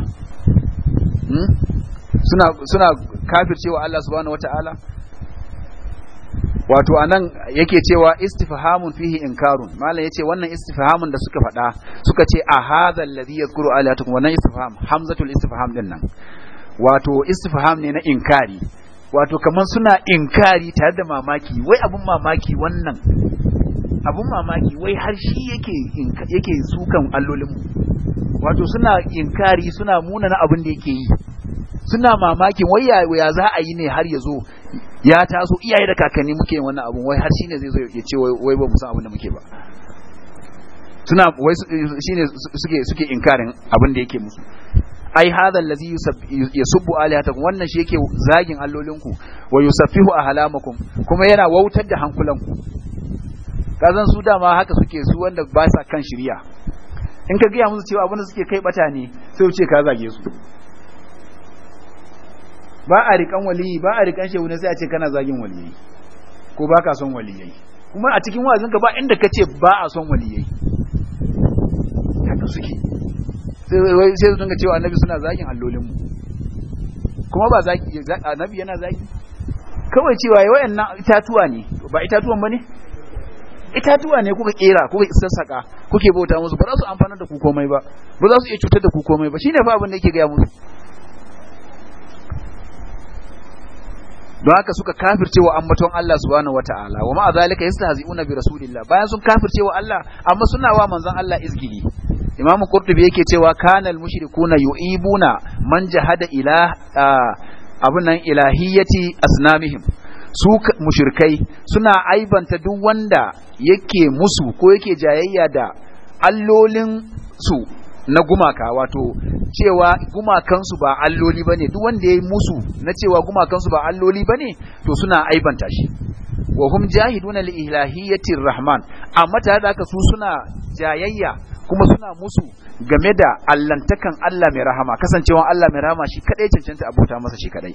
hmm? suna kafirce wa Allah subhanahu wataala wato anan yake cewa istifhamun fihi inkarun malam yace wannan istifhamun da suka faɗa suka ce a hadha alladhi yadhkuru alatukum wannan istifham hamzatul istifham din nan wato istifham ne na inkari wato kamar suna inkari tare da mamaki wai abun mamaki wannan abun mamaki wai har shi yake yake sukan allolin mu wato suna inkari suna munana abin da yake yi suna mamakin wai ya za a yi ne har ya zo ya taso iyaye da kakanni muke wannan abun wai har shine zai zo ya ce wai ba mu san abin da muke ba suna wai shine suke suke inkarin abin da yake musu ai hadha allazi yusabbu alihatakum wannan shi yake zagin allolinku wa yusaffihu ahlamakum kuma yana wautar da hankulanku kazan su dama haka suke su wanda ba sa kan shiriya in ka gaya musu cewa abin da suke kai bata ne sai wuce ka zage su ba a rikan waliyi ba a rikan shehu ne sai a ce kana zagin waliyai ko ba ka son waliyai kuma a cikin wazinka ba inda ka ce ba a son waliyai haka suke sai su dinga cewa annabi suna zagin mu kuma ba zaki annabi yana zagi kawai cewa yi wayannan itatuwa ne ba itatuwan ba ne itatuwa ne kuka kera kuka sassaka kuke bauta musu ba za su amfana da ku komai ba ba za su iya cutar da ku komai ba shine fa abin da yake gaya musu don haka suka wa ambaton Allah subhanahu ta'ala, wa ma'a zalika yastahzi'una bi rasulillah bayan sun kafircewa Allah amma suna wa manzon Allah izgili Imam Qurtubi yake cewa kanal al-mushrikuna yu'ibuna man jahada ila abun nan ilahiyati asnamihim su mushrikai suna aibanta duk wanda yake musu ko yake jayayya da allolin su na gumaka wato cewa gumakansu ba alloli ba ne duk wanda ya yi musu na cewa gumakansu ba alloli ba ne to suna aibanta shi wa hum jahiduna li ilahiyatir rahman amma tare da haka su suna jayayya kuma suna musu game da allantakan Allah mai rahama kasancewa Allah mai rahama shi kadai cancanta abota masa shi kadai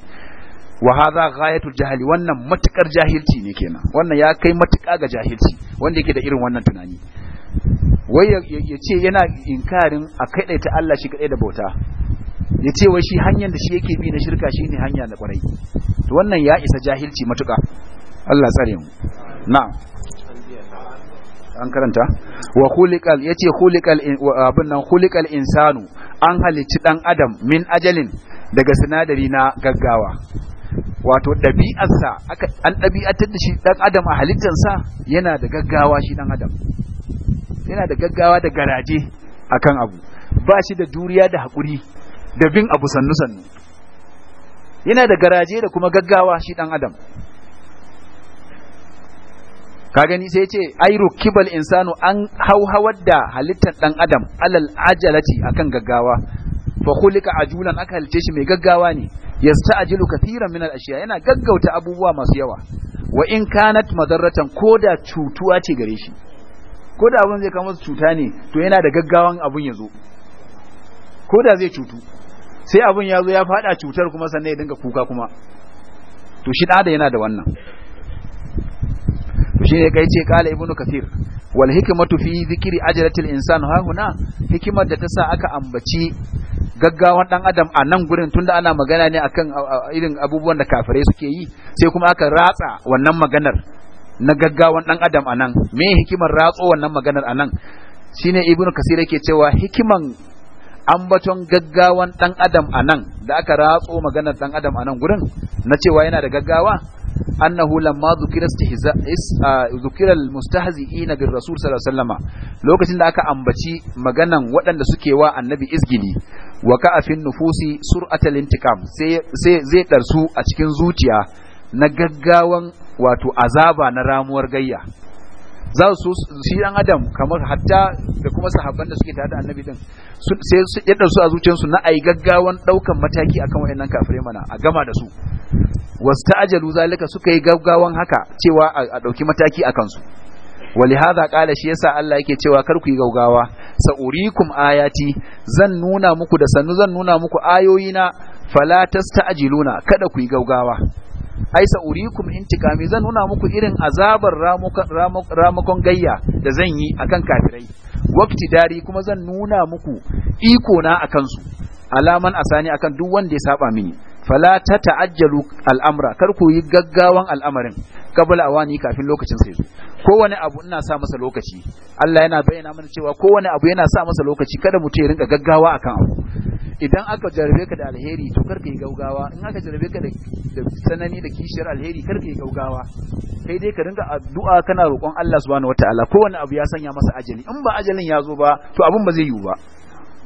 wa hadha ghayatul jahli wannan matukar jahilci ne kenan wannan ya kai matuka ga jahilci wanda yake da irin wannan tunani wai ya ce yana inkarin a ta Allah shi kaɗai da bauta ya ce wai shi hanyar da shi yake bi na shirka shi ne hanya da kwarai to wannan ya isa jahilci matuƙa Allah tsare mu na an karanta wa khuliqal yace khuliqal abin nan khuliqal insanu an halicci dan adam min ajalin daga sinadari na gaggawa wato ɗabi'arsa an ɗabi'atar da shi ɗan adam a halittarsa yana da gaggawa shi ɗan adam yana da gaggawa da garaje akan abu ba shi da juriya da haƙuri da bin abu sannu sannu yana da garaje da kuma gaggawa shi ɗan adam ka gani sai ce ai kibal, insanu an hauhawar da halittar ɗan adam alal ajalati akan gaggawa fa kulika ajulan aka halice shi mai gaggawa ne ajilu kathiran min al-ashiya yana gaggauta abubuwa masu yawa wa in kanat ko da cutuwa ce gare shi ko da abin zai kama su cuta ne to yana da gaggawan abin ya zo ko da zai cutu sai abin ya zo ya fada cutar kuma sannan ya dinga kuka kuma to shi da yana da wannan to shi ne kai ce kala ibnu kafir, wal hikmatu fi zikri ajratil insan ha huna hikimar da ta sa aka ambaci gaggawan dan adam a nan gurin tunda ana magana ne akan irin abubuwan da kafirai suke yi sai kuma aka ratsa wannan maganar na gaggawan dan adam a nan. me hikimar ratso wannan maganar a anan shine ibnu kasir yake cewa hikiman ambaton gaggawan dan adam a nan da aka ratso maganar dan adam a nan gurin na cewa yana da gaggawa annahu lamma dhukira istihza dhukira almustahzi'ina bir rasul sallallahu alaihi wasallama lokacin da aka ambaci maganan waɗanda suke wa annabi izgili wa ka'afin nufusi sur'atal intiqam sai zai ɗarsu a cikin zuciya na gaggawan wato azaba na ramuwar gayya za su shi dan adam kamar hatta da kuma sahabban da suke tare da annabi din sai su yadda su a zuciyarsu na ai gaggawan ɗaukan mataki akan wayannan kafire mana a gama da su Wasu wasta'jalu zalika suka yi gaggawan haka cewa a dauki mataki akan su haza قال shi yasa Allah yake cewa kar ku yi gaugawa sa'urikum ayati zan nuna muku da sannu zan nuna muku ayoyina fala tasta'jiluna kada ku yi gaugawa aisa urikum intikami zan nuna muku irin azabar ramakon gayya da zan yi akan kafirai wakti dari kuma zan nuna muku iko na akan su alaman asani akan duk wanda ya saba mini fala ta ta'ajjalu al'amra kar ku yi gaggawan al'amarin kabul awani kafin lokacin sai zo kowane abu ina sa masa lokaci Allah yana bayyana mana cewa kowane abu yana sa masa lokaci kada mutum ya rinka gaggawa akan abu idan aka jarabe ka da alheri to karka yi gaugawa in aka jarabe ka da sanani da kishiyar alheri karka yi gaugawa kai dai ka dinga addu'a kana roƙon Allah subhanahu wataala kowanne abu ya sanya masa ajali in ba ajalin ya zo ba to abin ba zai yiwu ba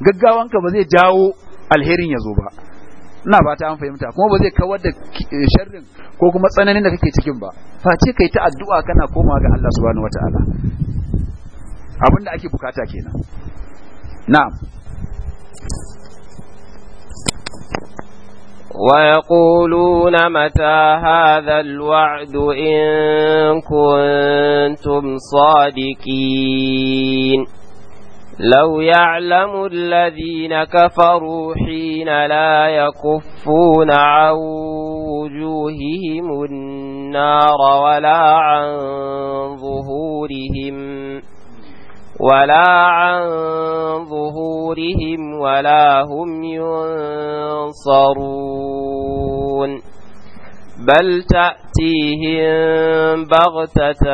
gaggawanka ba zai jawo alherin ya zo ba ina fata an fahimta kuma ba zai kawar da eh, sharrin ko kuma tsananin da kake cikin ba face kai ta addu'a kana komawa ga Allah subhanahu wataala abin da ake bukata kenan na'am ويقولون متى هذا الوعد إن كنتم صادقين لو يعلم الذين كفروا حين لا يكفون عن وجوههم النار ولا عن ظهورهم ولا عن ظهورهم ولا هم ينصرون بل تأتيهم بغتة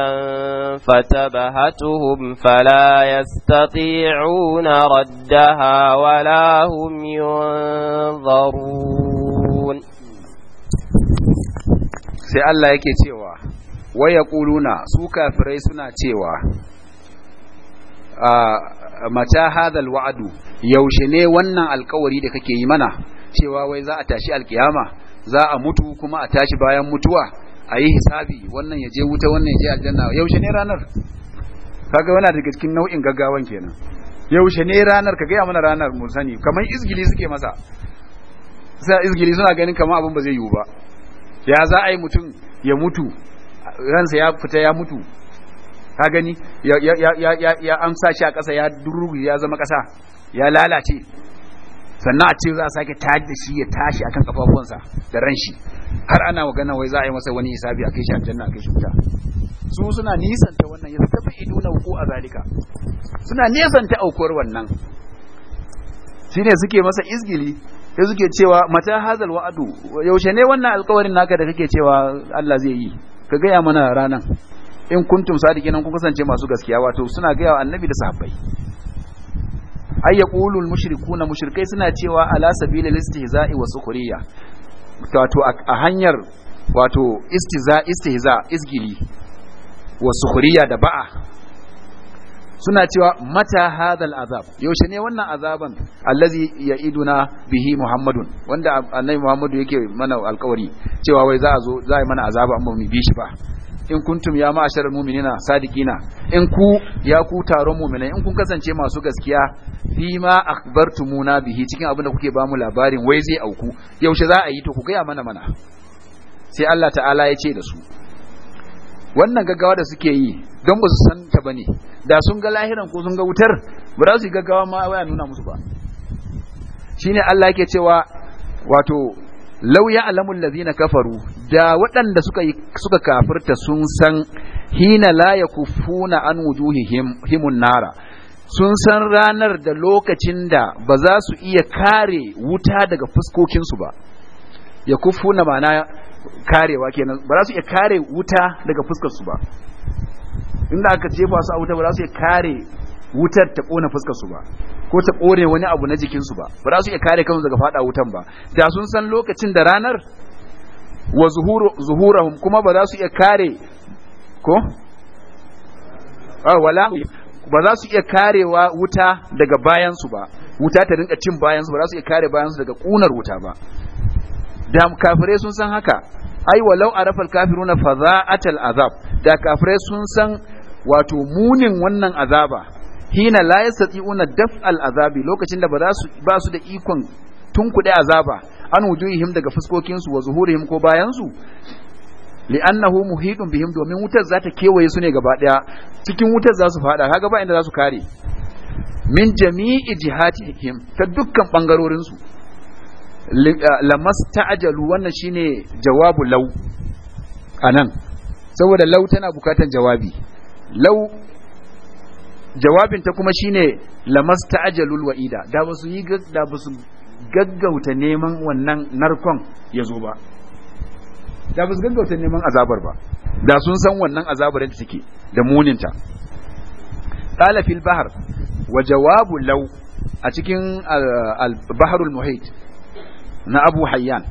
فتبهتهم فلا يستطيعون ردها ولا هم ينظرون سأل الله يكي تيوا ويقولون سوكا فريسنا تيوا mata hadal wa'adu yaushe ne wannan alkawari da kake yi mana cewa wai za a tashi alkiyama za a mutu kuma a tashi bayan mutuwa a yi hisabi wannan ya je wuta wannan ya je aljanna yaushe ne ranar kaga wani daga cikin nau'in gaggawan kenan yaushe ne ranar ka gaya mana ranar mu sani kamar izgili suke masa sai izgili suna ganin kamar abin ba zai yiwu ba ya za a yi mutum ya mutu ransa ya fita ya mutu ka gani ya ya amsa shi a ƙasa ya durugu ya zama ƙasa ya lalace sannan a ce za a sake tayar da shi ya tashi akan kafafuwansa da ran shi har ana magana wai za a yi masa wani hisabi a kai shi aljanna a kai shi wuta su suna nisanta wannan ya tafi iduna ko a zalika suna nisanta aukuwar wannan shine suke masa izgili sai suke cewa mata hazal wa'adu yaushe ne wannan alƙawarin naka da kake cewa Allah zai yi ka gaya mana ranan in kuntum sadiqina kun kasance masu gaskiya wato suna gaya wa annabi da sahabbai ay yaqulu al mushrikuna mushrikai suna cewa ala sabili al istihza'i wa sukhriya wato a hanyar wato istiza istihza isgili wa sukhriya da ba'a suna cewa mata hadal azab yaushe ne wannan azaban allazi ya'iduna bihi muhammadun wanda annabi muhammadu yake mana alkawari cewa wai za a zo za a yi mana azaba amma mu bi shi ba in kuntum ya ma'ashar mu'minina sadikina in ku ya ku taron mu'minai in kun kasance masu gaskiya fi ma akhbartumuna bihi cikin abin da kuke ba mu labarin wai zai auku yaushe za a yi to ku gaya mana mana sai Allah ta'ala ya ce da su wannan gaggawa da suke yi don ba su san ta bane da sun ga lahiran ko sun ga wutar ba za su yi gaggawa ma waya nuna musu ba shine Allah yake cewa wato alamun ya'lamul na kafaru da waɗanda suka suka kafirta sun san hina la yakufuna an wujuhihim himun nara sun san ranar da lokacin da ba za su iya kare wuta daga fuskokinsu ba ya kufuna ma'ana karewa kenan ba za su iya kare wuta daga fuskarsu ba inda aka jefa su a wuta ba za su iya kare wutar ta kona fuskarsu ba ko ta kone wani abu na jikinsu ba ba za su iya kare kansu daga fada wutan ba da sun san lokacin da ranar wa zuhurahum kuma ba za su iya kare ko ah, wala ba za su iya karewa wuta daga bayansu ba wuta ta rinka cin bayansu ba za su iya kare bayansu daga kunar wuta ba da kafirai sun san haka ai walau arafal kafiruna fa azab da kafirai sun san wato munin wannan azaba hina la yastati'una daf'al azabi lokacin da ba su ba su da ikon tunkuɗe azaba an wujuhihim daga fuskokinsu wa zuhurihim ko bayansu li'annahu muhitun bihim domin wutar za ta kewaye su ne gaba daya cikin wutar za su fada kaga ba inda za su kare min jami'i jihatihim ta dukkan bangarorin su lamastajalu wannan shine jawabu law anan saboda law tana bukatan jawabi law jawabin ta kuma shine lamastajalul wa'ida da basu yi da basu gaggauta neman wannan narkon ya zo ba da ba su gaggauta neman azabar ba da sun san wannan azabar da take da muninta qala fil bahr wa jawabu law a cikin al baharul muhit na abu hayyan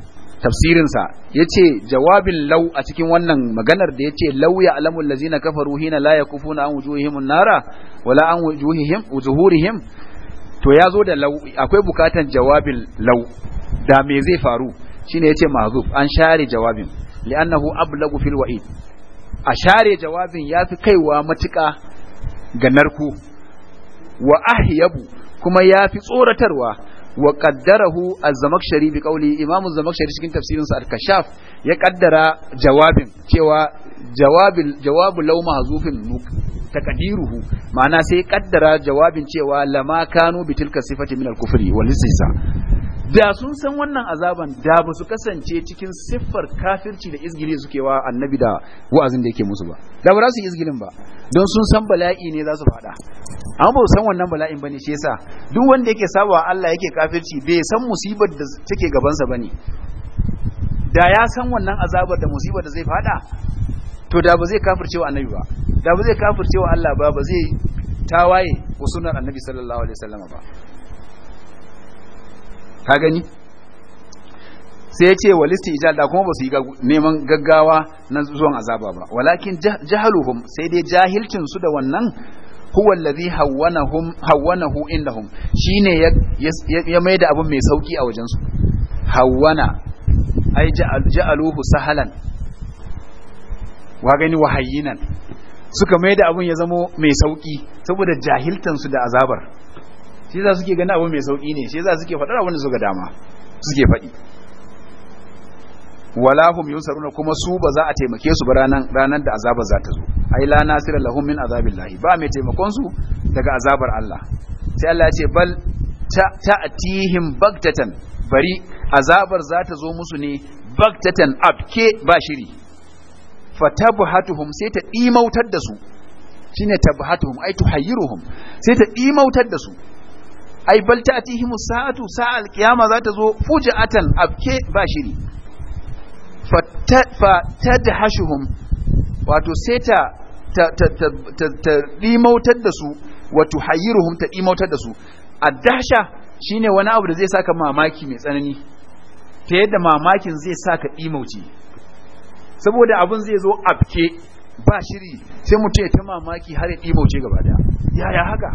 tafsirinsa ya ce jawabin lau a cikin wannan maganar da ya ce lau ya alamun lazina kafaru hina la ya kufu na an wujuhihim nara wala an wujuhihim to ya zo da lau akwai bukatan jawabin lau da me zai faru shine yace mahzuf an share jawabin li'annahu ablagu fil wa'id a share jawabin ya fi kaiwa matuka ga narko wa ahyabu kuma ya fi tsoratarwa wa kaddarahu az-zamakhshari bi qawli imamu az-zamakhshari cikin tafsirin sa al-kashaf ya kaddara jawabin cewa jawabil jawabu law mahzufin taqdiruhu ma'ana sai kaddara jawabin cewa lama kanu bi tilka sifati min al-kufri wal istihza da sun san wannan azaban da ba su kasance cikin siffar kafirci da izgili suke wa annabi da wa'azin da yake musu ba da ba za su yi izgilin ba don sun san bala'i ne za su faɗa amma ba su san wannan bala'in ba ne shi yasa duk wanda yake sabawa Allah yake kafirci bai san musibar da take gabansa ba ne. da ya san wannan azabar da musibar da zai faɗa to da ba zai kafirce wa annabi ba da ba zai kafirce wa Allah ba ba zai tawaye wa sunnar annabi sallallahu alaihi wasallam ba ka gani sai ya ce wa listi da kuma ba su yi neman gaggawa na zuwan azaba ba walakin jahaluhum sai dai jahilcin su da wannan huwa allazi hawwanahum hawwanahu indahum shine ya maida abun mai sauki a wajensu hawwana ai ja'aluhu sahalan wa gani wahayinan suka maida abun ya zamo mai sauki saboda jahiltan su da azabar shi za suke gani abu mai sauki ne shi za suke faɗar abin da suka dama suke faɗi wala hum yusaruna kuma su ba za a taimake su ba ranan ranan da azaba za ta zo ai la nasira lahum min azabillahi ba mai taimakon su daga azabar Allah sai Allah ya ce bal ta'tihim bagtatan bari azabar za ta zo musu ne bagtatan abke ba shiri fatabhatuhum sai ta imautar da su shine tabhatuhum ai tuhayyiruhum sai ta imautar da su ai bal ta'tihimu sa'atu sa'al qiyama za ta zo fuja'atan abke ba shiri fa tadhashuhum wato sai ta ta ɗimautar da su wato hayiruhum ta ɗimautar da su addasha shine wani abu da zai saka mamaki mai tsanani ta yadda mamakin zai saka ɗimauci saboda abun zai zo abke ba shiri sai mutum ya ta mamaki har ya ɗimauce gaba daya yaya haka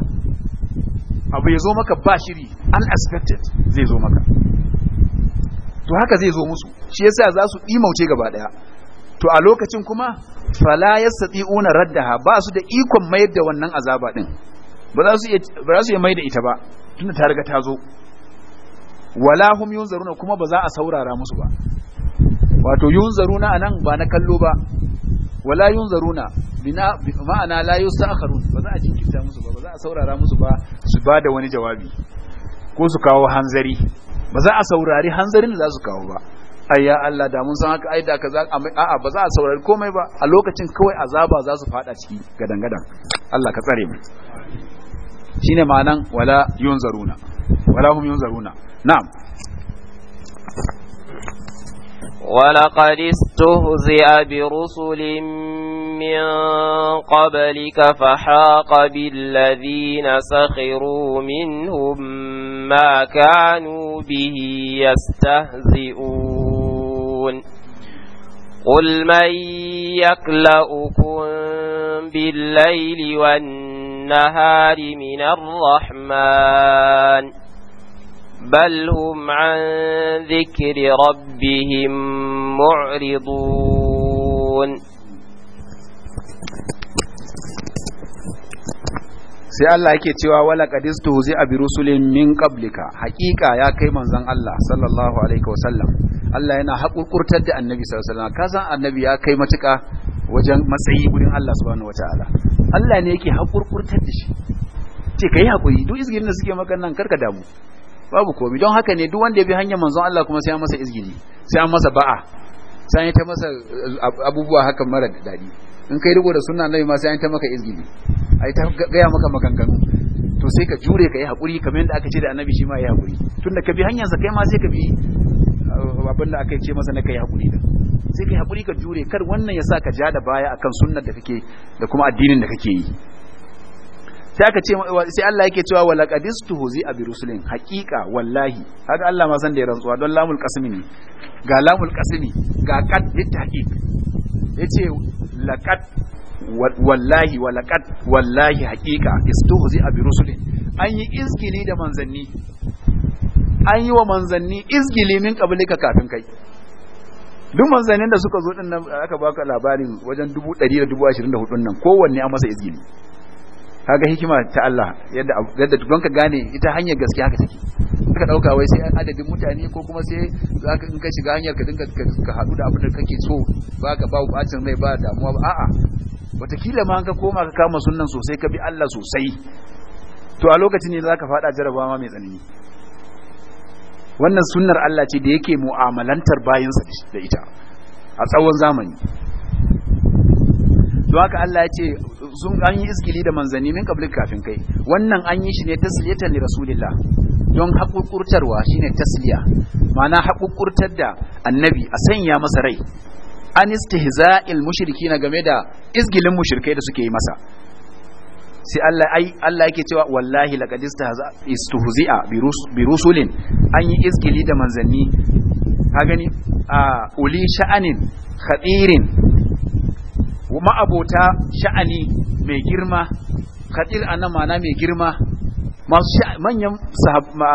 abu ya zo maka ba shiri unexpected zai zo maka to haka zai zo musu shi yasa za su imauce gaba daya to a lokacin kuma fala yastati'una raddaha ba su da ikon mayar da wannan azaba din ba za su iya ba za su iya maida ita ba tunda ta riga ta zo wala hum yunzaruna kuma ba za a saurara musu ba wato yunzaruna anan ba na kallo ba wala yunzaruna bina ma'ana la yusakharun ba za a jinkirta musu ba ba za a saurara musu ba su ba da wani jawabi ko su kawo hanzari ba za a saurari hanzarin da za su kawo ba ayya Allah da mun san haka ai da a a'a ba za a saurari komai ba a lokacin kawai azaba za su fada ciki gadan gadan Allah ka tsare mu shine ma'anan wala yunzaruna wala hum yunzaruna na'am ولقد استهزئ برسل من قبلك فحاق بالذين سخروا منهم ما كانوا به يستهزئون قل من يكلأكم بالليل والنهار من الرحمن بل هم عن ذكر ربهم معرضون sai Allah yake cewa wala qadistu huzi abi rusulin min qablika hakika ya kai manzon Allah sallallahu alaihi wasallam Allah yana hakurkurtar da annabi sallallahu alaihi wasallam kasan annabi ya kai matuka wajen matsayi gurin Allah subhanahu wataala Allah ne yake hakurkurtar da shi ce kai hakuri duk izgirin da suke maka nan karka damu babu komai don haka ne duk wanda ya bi hanyar manzon Allah kuma sai an masa izgili sai an masa ba'a sai an ta masa eh, abubuwa haka mara dadi in kai rigo da sunna nabi ma sai an ta maka izgili ai ta gaya maka maganganu to sai ka jure ka yi hakuri kamar yadda aka ce da annabi shi ma ya hakuri tunda ka bi hanyar sa kai ma sai ka bi eh, abin da aka ce masa na kai hakuri da sai kai hakuri ka jure kar wannan ya sa ka ja da baya akan sunnar da kake da kuma addinin da kake yi sai aka ce sai Allah yake cewa wa huzi abi rusulin haqiqa wallahi haka Allah ma san da rantsuwa don lamul qasmi ne ga lamul qasmi ga qad bitaqiq yace laqad wallahi wa laqad wallahi haqiqa istuhzi bi rusulin an yi izgili da manzanni an yi wa manzanni izgili min qablika kafin kai duk manzannin da suka zo din nan aka baka labarin wajen 100 da hudun nan kowanne an masa izgili kaga hikima ta Allah yadda yadda don ka gane ita hanyar gaskiya haka take suka dauka wai sai adadin mutane ko kuma sai zaka in ka shiga hanyar ka dinga ka hadu da abin da kake so ba ka ba bacin rai ba damuwa ba a'a watakila ma ka koma ka kama sunnan sosai ka bi Allah sosai to a lokacin ne zaka fada jarabawa mai tsanani wannan sunnar Allah ce da yake mu'amalantar sa da ita a tsawon zamani don haka Allah ya ce sun an yi iskili da manzanni min kablik kafin kai wannan an yi shi ne tasliyatan li rasulillah don haƙuƙurtarwa shine tasliya ma'ana haƙuƙurtar da annabi a sanya masa rai an istihza'il mushrikina game da izgilin mushrikai da suke yi masa sai Allah ai Allah yake cewa wallahi laqad istuhzi'a bi rusulin an yi izgili da manzanni ka gani a uli sha'anin khabirin ma'abota sha'ani mai girma khatir anan ma'ana mai girma masu manyan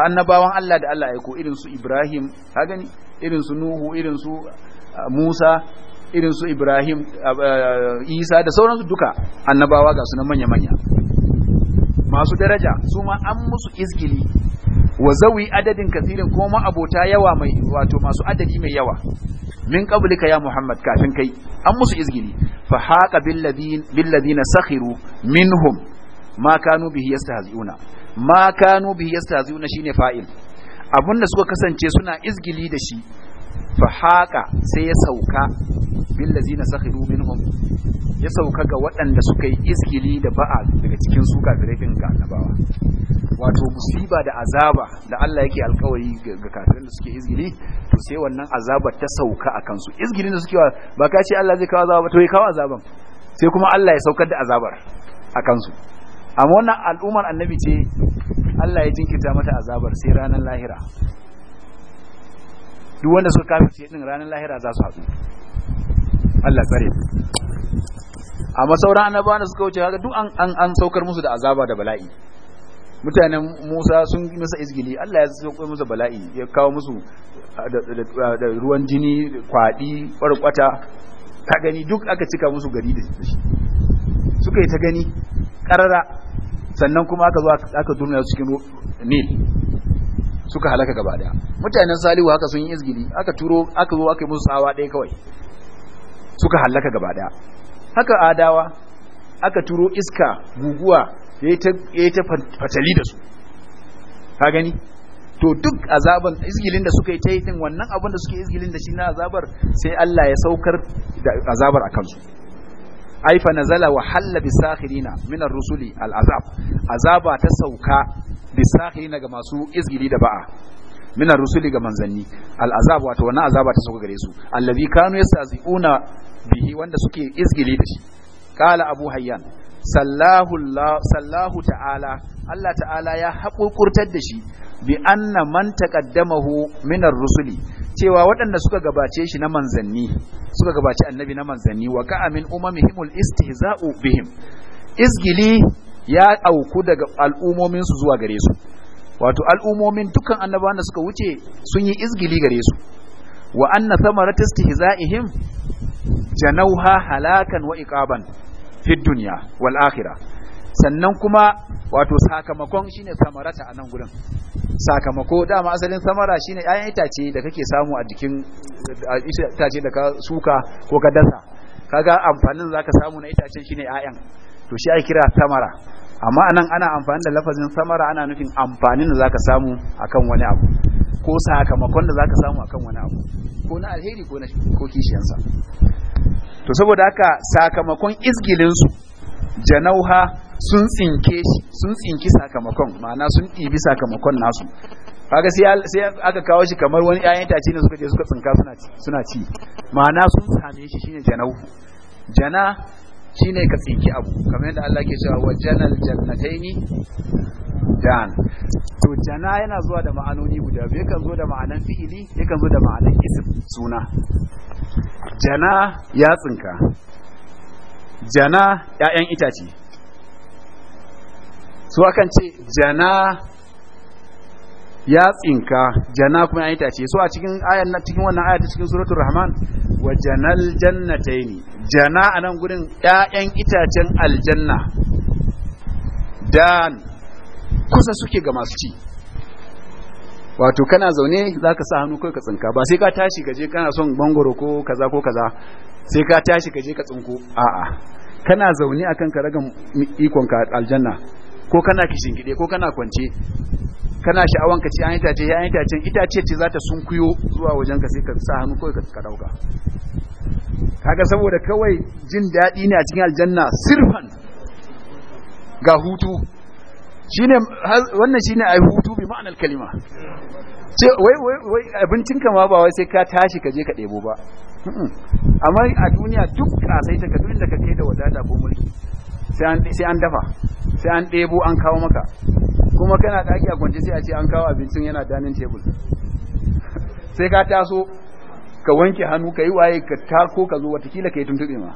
annabawan Allah da Allah aiko irin su Ibrahim ka gani irin su Nuhu irin su Musa irin su Ibrahim Isa da sauransu duka annabawa ga su sunan manya manya masu daraja su ma an musu izgili wa zawi adadin kasirin kuma abota yawa mai wato masu adadi mai yawa min qablika ya Muhammad kafin kai an musu izgili fa haqa bil ladina sakhiru minhum ma kanu bihi yastahzi'una ma kanu bihi yastahzi'una shine fa'il abun da suka kasance suna izgili da shi fa sai ya sauka billazi na sakhiru minhum ya sauka ga waɗanda suka yi iskili da ba'a daga cikin su kafirai din ga annabawa wato musiba da azaba da Allah yake alkawari ga kafirin da suke izgili to sai wannan azabar ta sauka a kansu Izgili da suke ba ka ce Allah zai kawo azaba to ya kawo azaban sai kuma Allah ya saukar da azabar a kansu amma wannan al'ummar annabi ce Allah ya jinkirta mata azabar sai ranar lahira duk wanda suka kafirce din ranar lahira za su haɗu Allah tsare amma sauran annabawa da suka wuce kaga duk an saukar musu da azaba da bala'i mutanen Musa sun yi masa izgili Allah ya sauko musu bala'i ya kawo musu ah, da ruwan jini kwaɗi, barkwata ta gani duk aka cika musu gari da shi suka yi ta gani karara sannan kuma aka zo aka durna cikin Nil suka halaka gaba daya mutanen salihu haka sun yi izgili aka turo aka zo aka yi musu tsawa ɗaya kawai suka halaka gaba daya haka adawa aka turo iska guguwa ya ta fatali da su ka gani to duk azaban izgilin da suka yi ta yi wannan abin da suke izgilin da shi na azabar sai Allah ya saukar da azabar a kansu ai fa nazala wa halla bisakhirina min ar-rusuli al-azab azaba ta sauka bisakhirina ga masu izgili da ba'a min ar-rusuli ga manzanni al-azab wato wannan azaba ta sauka gare su allazi kanu yastazi'una bihi wanda suke izgili da shi qala abu hayyan sallahu sallahu ta'ala Allah ta'ala ya haƙurƙurtar da shi bi anna man taqaddamahu min ar-rusuli cewa waɗanda suka gabace shi na manzanni suka gabace annabi na manzanni wa amin min umamihimul istihza'u bihim izgili ya auku daga al'umomin su zuwa gare su wato al'umomin dukkan annabawan da suka wuce sun yi izgili gare su wa anna thamarat istihza'ihim janauha halakan wa iqaban fid duniya wal akhirah sannan kuma wato sakamakon shine samarata a nan gurin sakamako dama asalin samara shine 'ya'yan itace da kake samu a jikin itace da ka suka ko ka dasa kaga amfanin zaka samu na itacen shine 'ya'yan to shi ake kira samara amma anan ana amfani da lafazin samara ana nufin amfanin da zaka samu akan wani abu ko sakamakon da zaka samu akan wani abu ko na alheri ko na ko kishiyansa to saboda haka sakamakon izgilinsu janauha sun tsinke shi sun tsinki sakamakon ma'ana sun ɗibi sakamakon nasu kaga sai aka kawo shi kamar wani ƴaƴan itace ne suka je suka tsinka suna ci suna ci ma'ana sun same shi shine janau jana shine ka tsinki abu kamar yadda Allah ke cewa wajanal jannataini dan to jana yana zuwa da ma'anoni guda biyu kan zo da ma'anan fi'ili yakan zo da ma'anan isim suna jana ya tsinka jana ƴaƴan itace su akan ce jana ya tsinka jana kuma ya itace su a cikin ayan cikin wannan ayata cikin suratul rahman wa janal jannataini jana anan gurin ƴaƴan itacen aljanna dan kusa suke ga masu ci wato kana zaune zaka sa hannu kai ka tsinka ba sai ka tashi ka je kana son bangoro ko kaza ko kaza sai ka tashi ka je ka tsinko a'a kana zaune akan ka ragan ikon ka aljanna ko kana kishin gide ko kana kwance kana sha'awan ka ce an itace ya itacen itace ce za ta sunkuyo zuwa wajen ka sai ka sa hannu ko ka dauka kaga saboda kawai jin daɗi ne a cikin aljanna sirfan ga hutu shine wannan shine ai hutu bi ma'anar kalima ce wai wai abincin ka ma ba wai sai ka tashi ka je ka debo ba amma a duniya duk kasai ta ka duk inda ka kai da wadata ko mulki sai an dafa sai an ɗebo an kawo maka kuma kana ɗaki a kwance sai a ce an kawo abincin yana danin table sai ka taso ka wanke hannu ka yi waye ka tako ka zo watakila ka yi tuntuɓe ma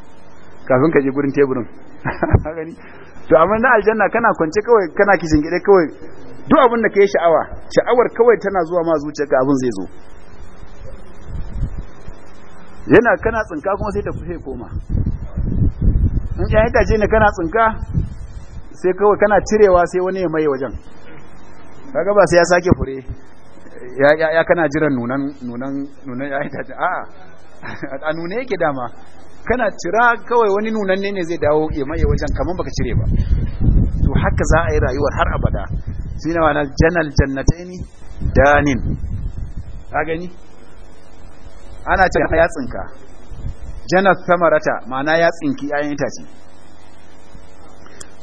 kafin ka je gurin teburin to amma na aljanna kana kwance kawai kana kishin gida kawai duk abin da ka yi sha'awa sha'awar kawai tana zuwa ma ka abin zai zo yana kana tsinka kuma sai ta fi koma in ƴan itace ne kana tsinka sai kawai kana cirewa sai wani ya mai wajen kaga ba sai ya sake fure ya kana jiran nunan nunan nunan ya itace a a nune yake dama kana cira kawai wani nunanne ne zai dawo ya maye wajen kaman baka cire ba to haka za a yi rayuwar har abada shi ne wani janal jannataini danin ka gani ana ce ya tsinka janas samarata ma'ana ya tsinki ‘ya'yan itace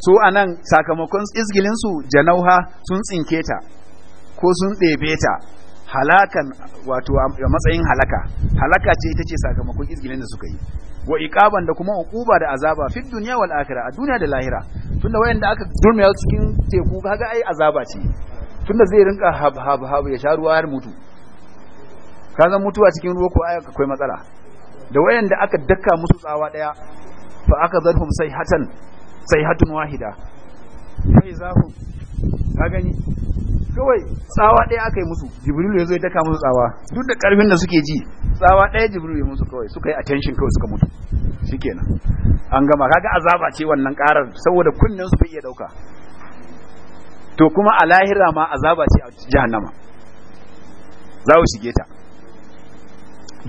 su a nan sakamakon izgilinsu janauha sun tsinke ta ko sun ɗebe ta halakan wato a matsayin halaka halaka ce ita ce sakamakon izgilin da suka yi wa iqaban da kuma uquba da azaba fi dunya wal a duniya da lahira tunda wayanda aka durmiya cikin teku kaga ai azaba ce tunda zai rinka hab hab ya sha ruwa har mutu kaga mutuwa cikin ruwa ko akwai matsala da wayanda aka daka musu tsawa daya fa aka zarhum sai hatun wahida sai zahu ka gani kawai tsawa daya aka yi musu ya yazo ya daka musu tsawa duk da karfin da suke ji tsawa daya jibril ya musu kawai suka yi attention kawai suka mutu shikenan an gama kaga azaba ce wannan karar saboda kunnen su bai iya dauka to kuma a lahira ma azaba ce a jahannama za su shige ta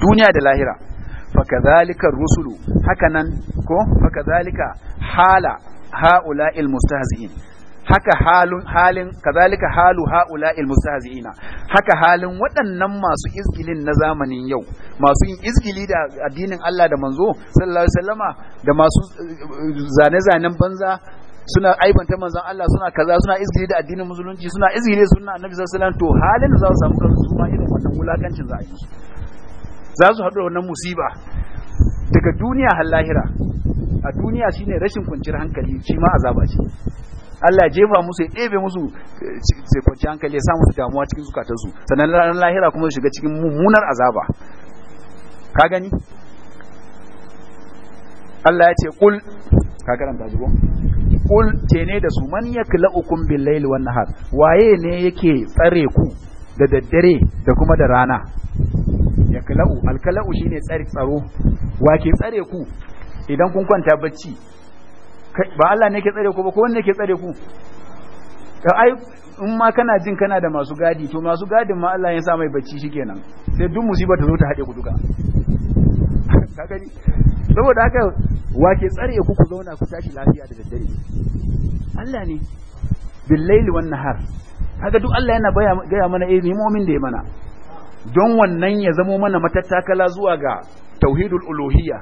duniya da lahira fakadhalika rusulu hakanan ko fakadhalika hala haula'il mustahzi'in haka halin kazalika halu haula'il mustahzi'ina haka halin waɗannan masu izgilin na zamanin yau masu yin izgili da addinin Allah da manzo sallallahu alaihi wasallama da masu zane-zanen banza suna aibanta manzon Allah suna kaza suna izgiri da addinin musulunci suna izgiri sunna annabi sallallahu alaihi wasallam to halin da za su samu kansu ma irin wannan wulakancin za a yi za su haɗu da wannan musiba daga duniya har lahira a duniya shine rashin kwanciyar hankali shi ma azaba ce Allah jefa musu ya ɗebe musu eh, kwanciyar hankali ya sa musu damuwa cikin su sannan ranar lahira kuma su shiga cikin mummunar azaba ka gani Allah ya ce kul ka karanta shi kul ce ne da su man yaklaukum bil layli wan nahar waye ne yake tsare ku da daddare da kuma da rana yakla'u alkala'u ne tsari tsaro wa ke tsare ku idan kun kwanta bacci ba Allah ne ke tsare ku ba ko wanne ke tsare ku ai in ma kana jin kana da masu gadi to masu gadin ma Allah ya sa mai bacci shikenan sai duk musibar ta zo ta haɗe ku duka ka gani saboda haka wa ke tsare ku ku zauna ku tashi lafiya da daddare Allah ne bil laili wan nahar kaga duk Allah yana gaya mana eh mu'min da ya mana don wannan ya zamo mana matattakala zuwa ga tauhidul uluhiyya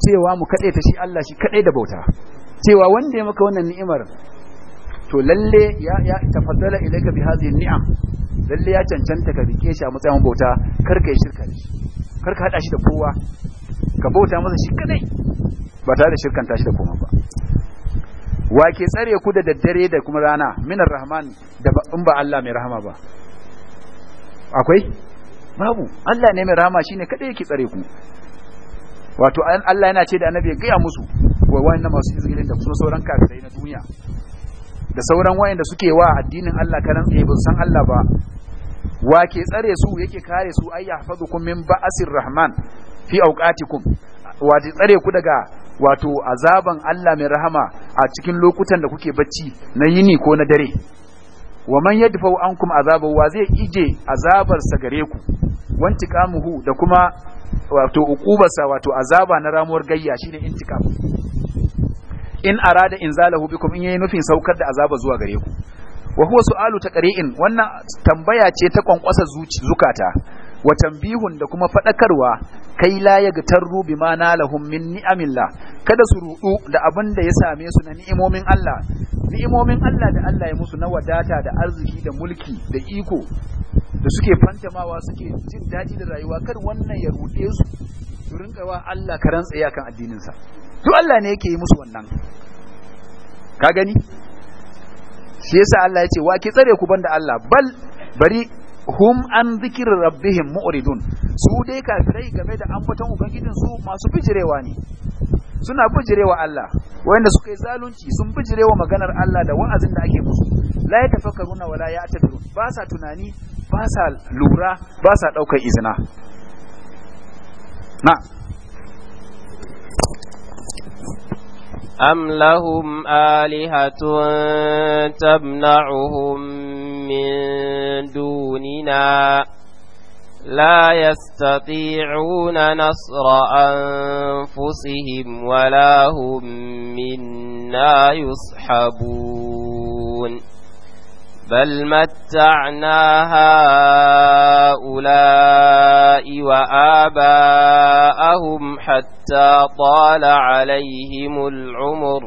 cewa mu kaɗai ta shi Allah shi kaɗai da bauta cewa wanda ya maka wannan ni'imar to lalle ya ya tafaddala ilayka bi hadhihi ni'am lalle ya cancanta ka rike shi a matsayin bauta kar ka yi shirka da shi kar ka hada shi da kowa ka bauta masa shi kadai ba tare da shirkan shi da kowa ba wa ke tsare ku da daddare da kuma rana minar rahman da in ba Allah mai rahama ba akwai babu Allah ne mai rahama shine kada yake tsare ku wato Allah yana ce da annabi ya gaya musu wai wannan masu izgirin da kuma sauran kafirai na duniya da sauran wayanda suke wa addinin Allah karan tsaye bin san Allah ba wa ke tsare su yake kare su ay yahfazukum min ba'asir rahman fi awqatikum wa ji tsare ku daga wato azaban Allah mai rahama a cikin lokutan da kuke bacci na yini ko na dare wa man yadfa'u ankum azabahu wa zai ije azabar sa gare ku wantiqamuhu da kuma wato uqubarsa wato azaba na ramuwar gayya shine intiqam in arada inzalahu bikum in yayi nufin saukar da azaba zuwa gare ku wa huwa su'alu taqri'in wannan tambaya ce ta kwankwasa zukata wa tambihun da kuma faɗakarwa kai la ya bi ma nalahum min ni'amillah kada su rudu da abin da ya same su na ni'imomin Allah ni'imomin Allah da Allah ya musu na wadata da arziki da mulki da iko da suke fantamawa suke jin daɗi da rayuwa kar wannan ya rude su su rinka wa Allah karan tsaye akan addinin sa to Allah ne yake yi musu wannan ka gani shi yasa Allah ya ce wa ki tsare ku banda Allah bal bari hum an zikirin rabbihim mu'ridun su dai kafirai game da ambaton ubangijin su masu bijirewa ne suna bijirewa Allah wayanda suka yi zalunci sun bijirewa maganar Allah da wa'azin da ake musu la ya wala ya ba sa tunani ba sa lura ba sa daukar izina na am lahum alihatun tabna'uhum من دوننا لا يستطيعون نصر أنفسهم ولا هم منا يصحبون بل متعنا هؤلاء وآباءهم حتى طال عليهم العمر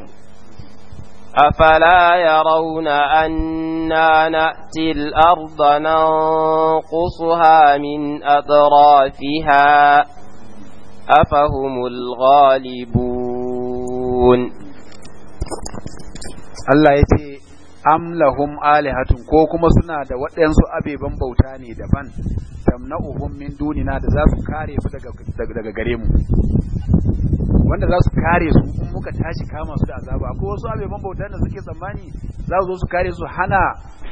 أفلا يرون أنا نأتي الأرض ننقصها من أطرافها أفهم الغالبون الله يتي am lahum alihatun ko kuma suna da waɗansu abeban bauta ne daban uhum min dunina da za su kare su daga gare mu wanda za su kare su in muka tashi kama su da azaba akwai wasu abeban bauta da suke tsammani za su zo su kare su hana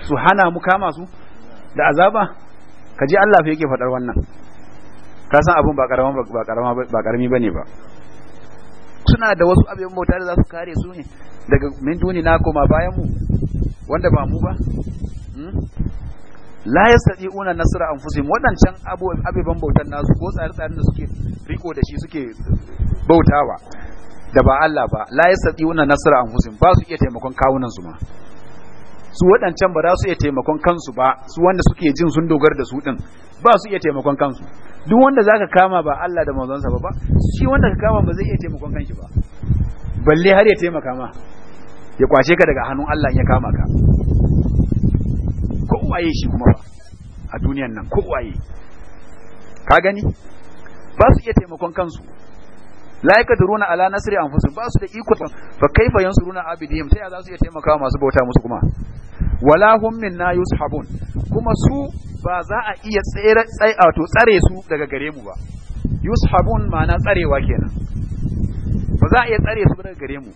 su hana mu kama su da azaba ka ji Allah fa yake faɗar wannan ka san abun ba karama ba karama ba karami bane ba suna da wasu abeban bauta da za su kare su ne daga min duni na koma bayan mu wanda ba mu ba hmm? la una nasra anfusihim wadancan abeban bautan nasu ko tsare-tsaren da suke riko da shi suke bautawa da ba Allah ba la una nasra anfusihim ba su iya taimakon kawunan su ma su wadancan ba za su iya taimakon kansu ba su wanda suke jin sun dogara da su din ba su iya taimakon kansu duk wanda zaka kama ba Allah da manzon sa ba shi wanda ka kama ba zai iya taimakon kanshi ba balle har ya taimaka ma ya kwashe ka daga hannun Allah ya kama ka ko waye shi kuma ba a duniyan nan ko waye ka gani ba su iya taimakon kansu laika duruna ala nasri anfusihim ba su da iko fa kaifa yansuruna abidihim sai za su iya taimakawa masu bauta musu kuma wala hum minna yushabun kuma su ba za a iya tsere tsai to tsare su daga gare mu ba yushabun ma'ana tsarewa kenan ba za a iya tsare su daga gare mu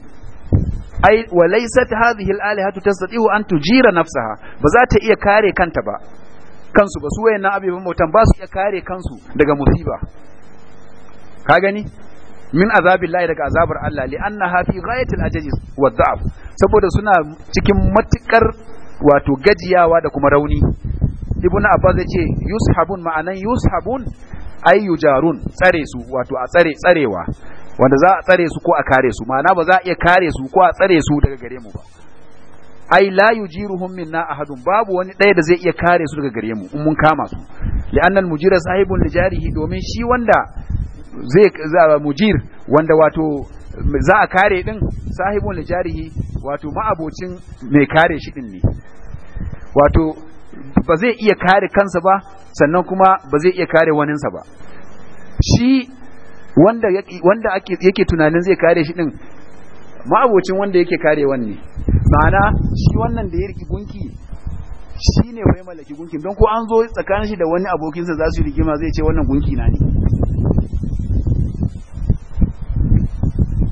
ai wa laysat hadhihi al-alihatu tastati'u an tujira nafsaha ba za ta iya kare kanta ba kansu ba su wayannan abubuwan mutan ba su iya kare kansu daga musiba ka gani min azabin daga azabar Allah li annaha hafi ghayatil ajaji wa dha'f saboda suna cikin matukar wato gajiyawa da kuma rauni ibn abbas yace yushabun ma'anan yushabun ay yujarun tsare su wato a tsare tsarewa wanda za a tsare su ko a kare su ma'ana ba za a iya kare su ko a tsare su daga gare mu ba ai la yujiruhum minna ahadun babu wani ɗaya da zai iya kare su daga gare mu in mun kama su li'anna al-mujira sahibun li jarihi domin shi wanda zai za mujir wanda wato za a kare din sahibun li jarihi wato ma'abocin mai kare shi din ne wato ba zai iya kare kansa ba sannan kuma ba zai iya kare waninsa ba shi wanda wanda ake yake tunanin zai kare shi din ma'abocin wanda yake kare ne ma'ana shi wannan da ya riki gunki shine ne fa mallaki gunkin don ko an zo tsakanin shi da wani abokinsa za su yi rigima zai ce wannan gunki na ne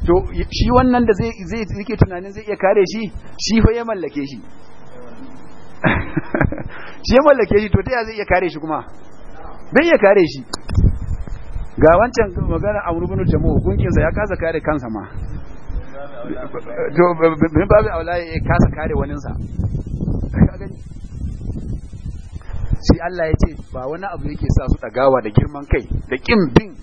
to shi wannan da zai zai rike tunanin zai iya kare shi shi fa ya mallake shi shi ya mallake shi to ta ya zai iya kare shi kuma bai iya kare shi ga wancan magana a rubinu jamu hukuncinsa ya kasa kare kansa ma to bin babu aula ya kasa kare waninsa shi Allah ya ce ba wani abu yake sa su dagawa da girman kai da kin bin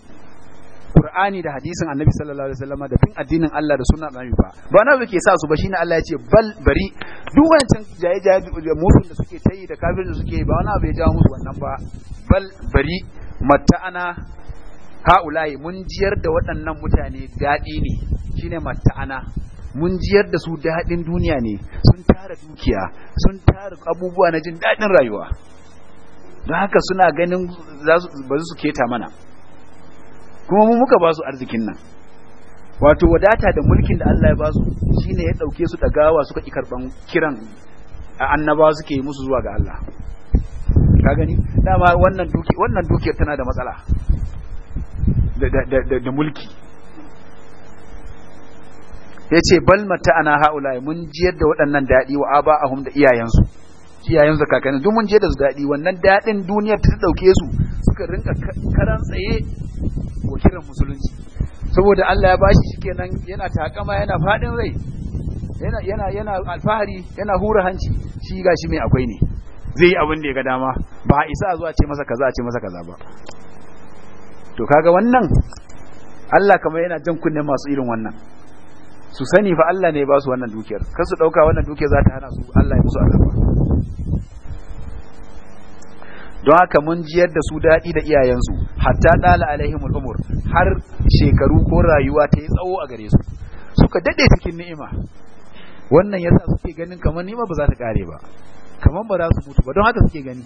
Qur'ani da hadisin Annabi sallallahu alaihi wasallam da bin addinin Allah da sunna Annabi ba ba wani abu yake sa su ba shine Allah ya ce bal bari duk wancan jaye jaye mutun da suke tayi da kafirin da suke ba wani abu ya jawo musu wannan ba bal bari matta'ana ha'ulayi mun jiyar da waɗannan mutane daɗi ne shine mata'ana mun jiyar da su daɗin duniya ne sun tara dukiya sun tara abubuwa na jin daɗin rayuwa don haka suna ganin ba su keta mana kuma mu muka ba su arzikin nan wato wadata da mulkin da Allah ya ba su shine ya ɗauke su ɗagawa suka ƙi karɓan kiran a annaba suke yi musu zuwa ga Allah ka gani dama wannan dukiyar tana da matsala da mulki ya ce bal mata ana ha'ula mun ji da waɗannan daɗi wa aba ahum da iyayensu iyayensu kakanni duk mun ji da su daɗi wannan daɗin duniyar ta ɗauke su suka rinka karan tsaye kiran musulunci saboda Allah ya bashi kenan yana takama yana faɗin rai yana yana alfahari yana hura hanci shi gashi mai akwai ne zai yi abin da ya ga dama ba a isa zuwa ce masa kaza a ce masa kaza ba to kaga wannan Allah kamar yana jan kunne masu irin wannan su sani fa Allah ne ba su wannan dukiyar kar su dauka wannan dukiyar za ta hana su Allah ya musu azaba don haka mun jiyar da su daɗi da iyayensu hatta ɗala alaihimul umur har shekaru ko rayuwa ta yi tsawo a gare su suka dade cikin ni'ima wannan yasa suke ganin kamar ni'ima ba za ta kare ba kamar ba za su mutu ba don haka suke gani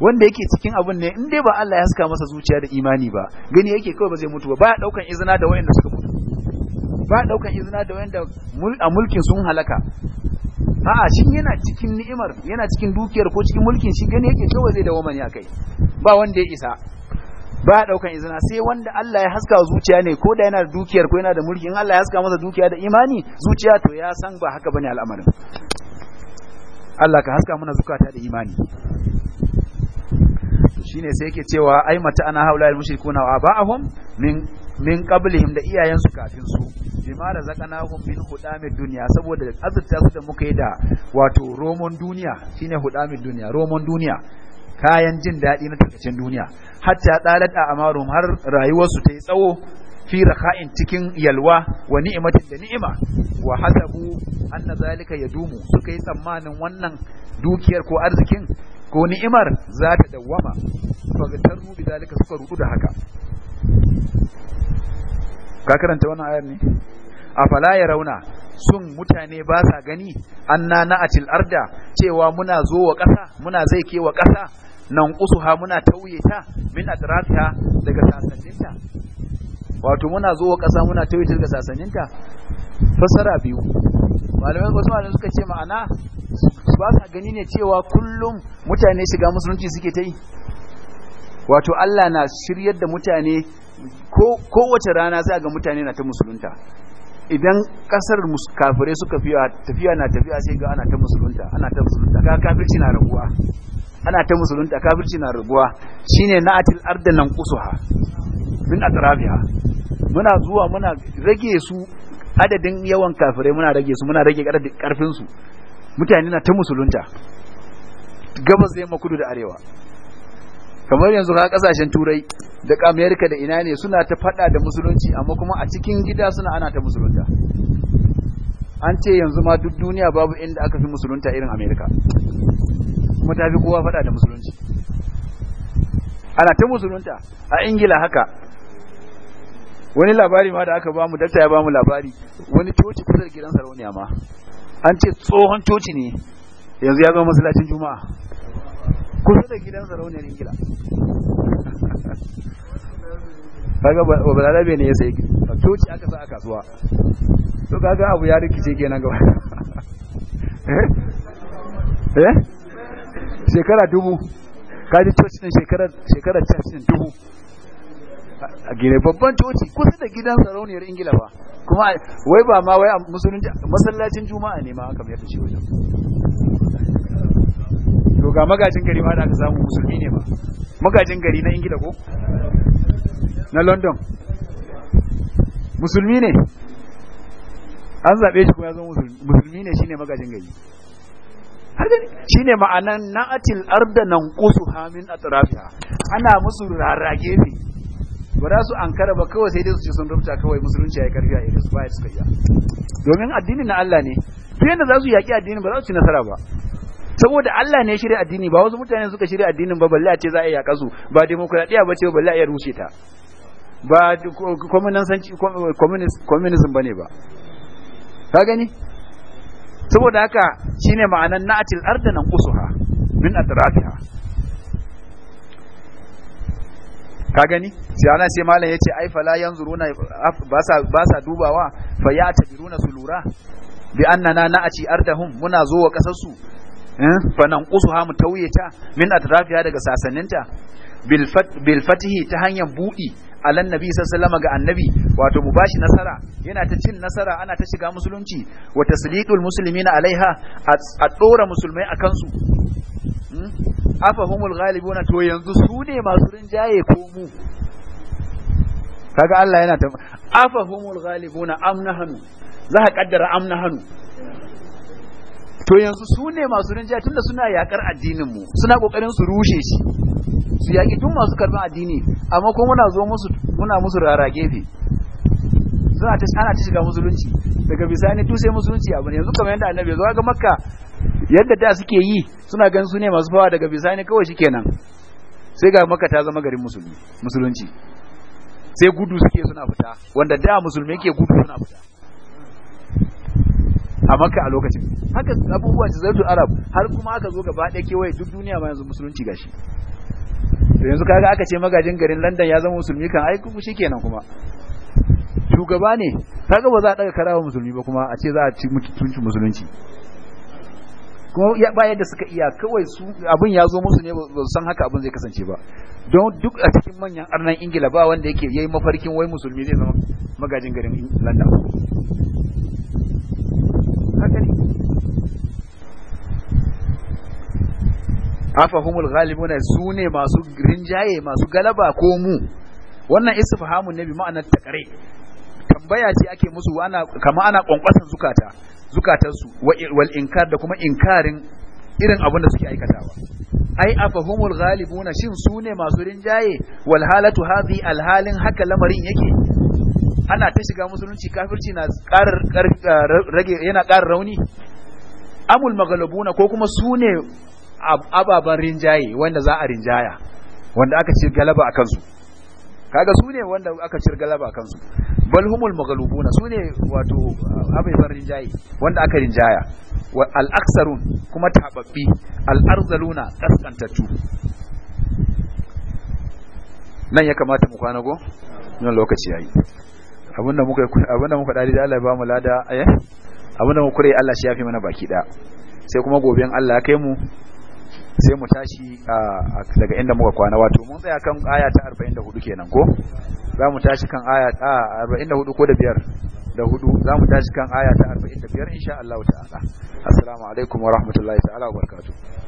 wanda yake cikin abin ne in dai ba Allah ya haska masa zuciya da imani ba gani yake kawai ba zai mutu ba baya daukan izina da wayanda suka mutu ba daukan izina da wayanda a mulkin sun halaka a'a shi yana cikin ni'imar yana cikin dukiyar ko cikin mulkin shi gani yake kawai zai dawo mani akai ba wanda ya isa ba daukan izina sai wanda Allah ya haska zuciya ne ko da yana da dukiyar ko yana da mulki in Allah ya haska masa dukiya da imani zuciya to ya san ba haka bane al'amarin Allah ka haska mana zukata da imani shine sai yake cewa ai mata ana haula al-mushrikuna wa aba'ahum min min qablihim da su kafin su bima da zakanahum min hudamid dunya saboda azurta su da muka yi da wato roman duniya shine hudamid dunya roman duniya kayan jin daɗi na takacin duniya hatta dalat a amarum har rayuwarsu ta yi tsawo fi raka'in cikin yalwa wa ni'imatin da ni'ima wa hasabu anna zalika yadumu suka yi tsammanin wannan dukiyar ko arzikin ko ni'imar za ta dawwama fagatarru bi zalika suka rudu da haka ka karanta wannan ayar ne afala ya rauna sun mutane ba sa gani anna na'atil arda cewa muna zo wa ƙasa muna zai ke wa ƙasa nan usuha muna tauye ta min atrafiha daga sasanninta wato muna zo wa ƙasa muna tawaitar ga sassaninta, fasara biyu malamai wasu malamai suka ce ma'ana ba sa gani ne cewa kullum mutane shiga musulunci suke ta yi wato Allah na shiryar da mutane kowace rana za ga mutane na ta musulunta idan kasar kafirai suka fiya tafiya na tafiya sai ga ana ta musulunta ana ta musulunta ga kafirci na raguwa ana ta musulunta kafirci na raguwa shine na'atil arda nan kusuha min muna zuwa muna rage su adadin yawan kafirai muna rage su muna rage karfin su mutane na ta musulunta gabas da yamma kudu da arewa kamar yanzu ka kasashen turai da amerika da ina ne suna ta fada da musulunci amma kuma a cikin gida suna ana ta musulunta an ce yanzu ma duk duniya babu inda aka fi musulunta irin amerika kuma ta fi kowa faɗa da musulunci ana ta musulunta a ingila haka wani labari ma da aka ba mu dakta ya ba mu labari wani coci kusa da gidan sarauniya ma an ce tsohon coci ne yanzu ya zama masallacin juma'a kusa da gidan sarauniyar ingila kaga balarabe ne ya sai toci aka sa a kasuwa to kaga abu ya rikice kenan gaba eh? eh shekara dubu kaji coci din shekarar shekarar cacin dubu a gine babban coci kusa da gidan sarauniyar ingila ba kuma wai ba ma wai musulunci masallacin juma'a ne ma aka mayar da shi wajen to ga magajin gari ma da aka samu musulmi ne ba magajin gari na ingila ko na london musulmi ne an zaɓe shi kuma ya zama musulmi ne shine magajin gari har gani shine ma'anan na'atil arda nan kusu hamin tarafiya.' ana musu rarrage ne ba za su kara ba kawai sai dai su ce sun rubuta kawai musulunci yi karfi a yi su baya suka iya domin addini na Allah ne fiye yadda za su yaƙi addini ba za su ci nasara ba saboda Allah ne shirya addini ba wasu mutane suka shirya addinin ba balle a ce za a yaƙa su ba demokuraɗiyya ba ce balle a yi rushe ta ba communism ba ne ba ka gani saboda haka shine ma'anan na'atil ardanan usuha min atrafiha ka gani sai ana sai malam yace ai fala yanzuruna ba sa ba sa dubawa fa ya tabiruna su lura bi annana na'ati ardahum muna zo wa kasar su eh, fa nanqusuha mu tauye ta min atrafiha daga sassaninta. bil fatihi ta hanyar budi alan nabi sallallahu ga annabi wato mu bashi nasara yana ta cin nasara ana ta shiga musulunci wa tasliqul muslimina alaiha a dora musulmai akan su hmm? afahumul ghalibuna to yanzu su ne masu rinjaye ko mu kaga Allah yana ta afahumul ghalibuna amnahanu za ka kaddara amnahanu to yanzu su ne masu rinjaya tunda suna yakar addinin mu suna kokarin su rushe shi su yaki duk masu karban addini amma kuma muna zo musu muna musu rara gefe suna ta ana ta shiga musulunci daga bisani tu sai musulunci abu ne yanzu kamar yadda annabi zo ga makka yadda da suke yi suna ganin su ne masu fawa daga bisani kawai shikenan sai ga makka ta zama garin musulmi musulunci sai gudu suke suna fita wanda da musulmi ke gudu suna fita a makka a lokacin haka abubuwa ci zartu arab har kuma aka zo gaba ɗaya kewaye duk duniya ma yanzu musulunci gashi to yanzu kaga aka ce magajin garin london ya zama musulmi kan ai kuma shikenan kuma shugaba ne kaga ba za a daga karawa musulmi ba kuma a ce za a ci mutunci musulunci kuma ya ba yadda suka iya kawai su abin ya zo musu ne ba san haka abin zai kasance ba don duk a cikin manyan arnan ingila ba wanda yake yayi mafarkin wai musulmi zai zama magajin garin london haka ne afahumul ghalibuna sune masu rinjaye masu galaba ko mu wannan istifhamun ne bi ma'anar takare tambaya ce ake musu ana kama ana kwankwasan zukata zukatansu wal inkar da kuma inkarin irin abin da suke aikatawa ai afahumul ghalibuna shin sune masu rinjaye wal halatu hadhi al halin haka lamarin yake ana ta shiga musulunci kafirci na ƙarar rage yana ƙarar rauni amul magalabuna ko kuma su ne ababen rinjaye wanda za a rinjaya wanda aka ci galaba a kansu kaga su ne wanda aka ci galaba a kansu bal humul magalubuna su ne wato ababen rinjaye wanda aka rinjaya al aksarun kuma tababbi al arzaluna kaskantattu nan ya kamata mu kwana go nan lokaci yayi abinda muka abinda muka dadi da Allah ya ba mu lada eh abinda muka kure Allah shi yafi mana baki da sai kuma goben Allah ya kai mu sai mu tashi daga inda muka kwana wato mun tsaya kan aya ta 44 kenan ko za mu tashi kan aya ta 44 ko da biyar da hudu za mu tashi kan aya ta 45 insha Allah ta'ala assalamu alaikum wa rahmatullahi ta'ala wa barakatuh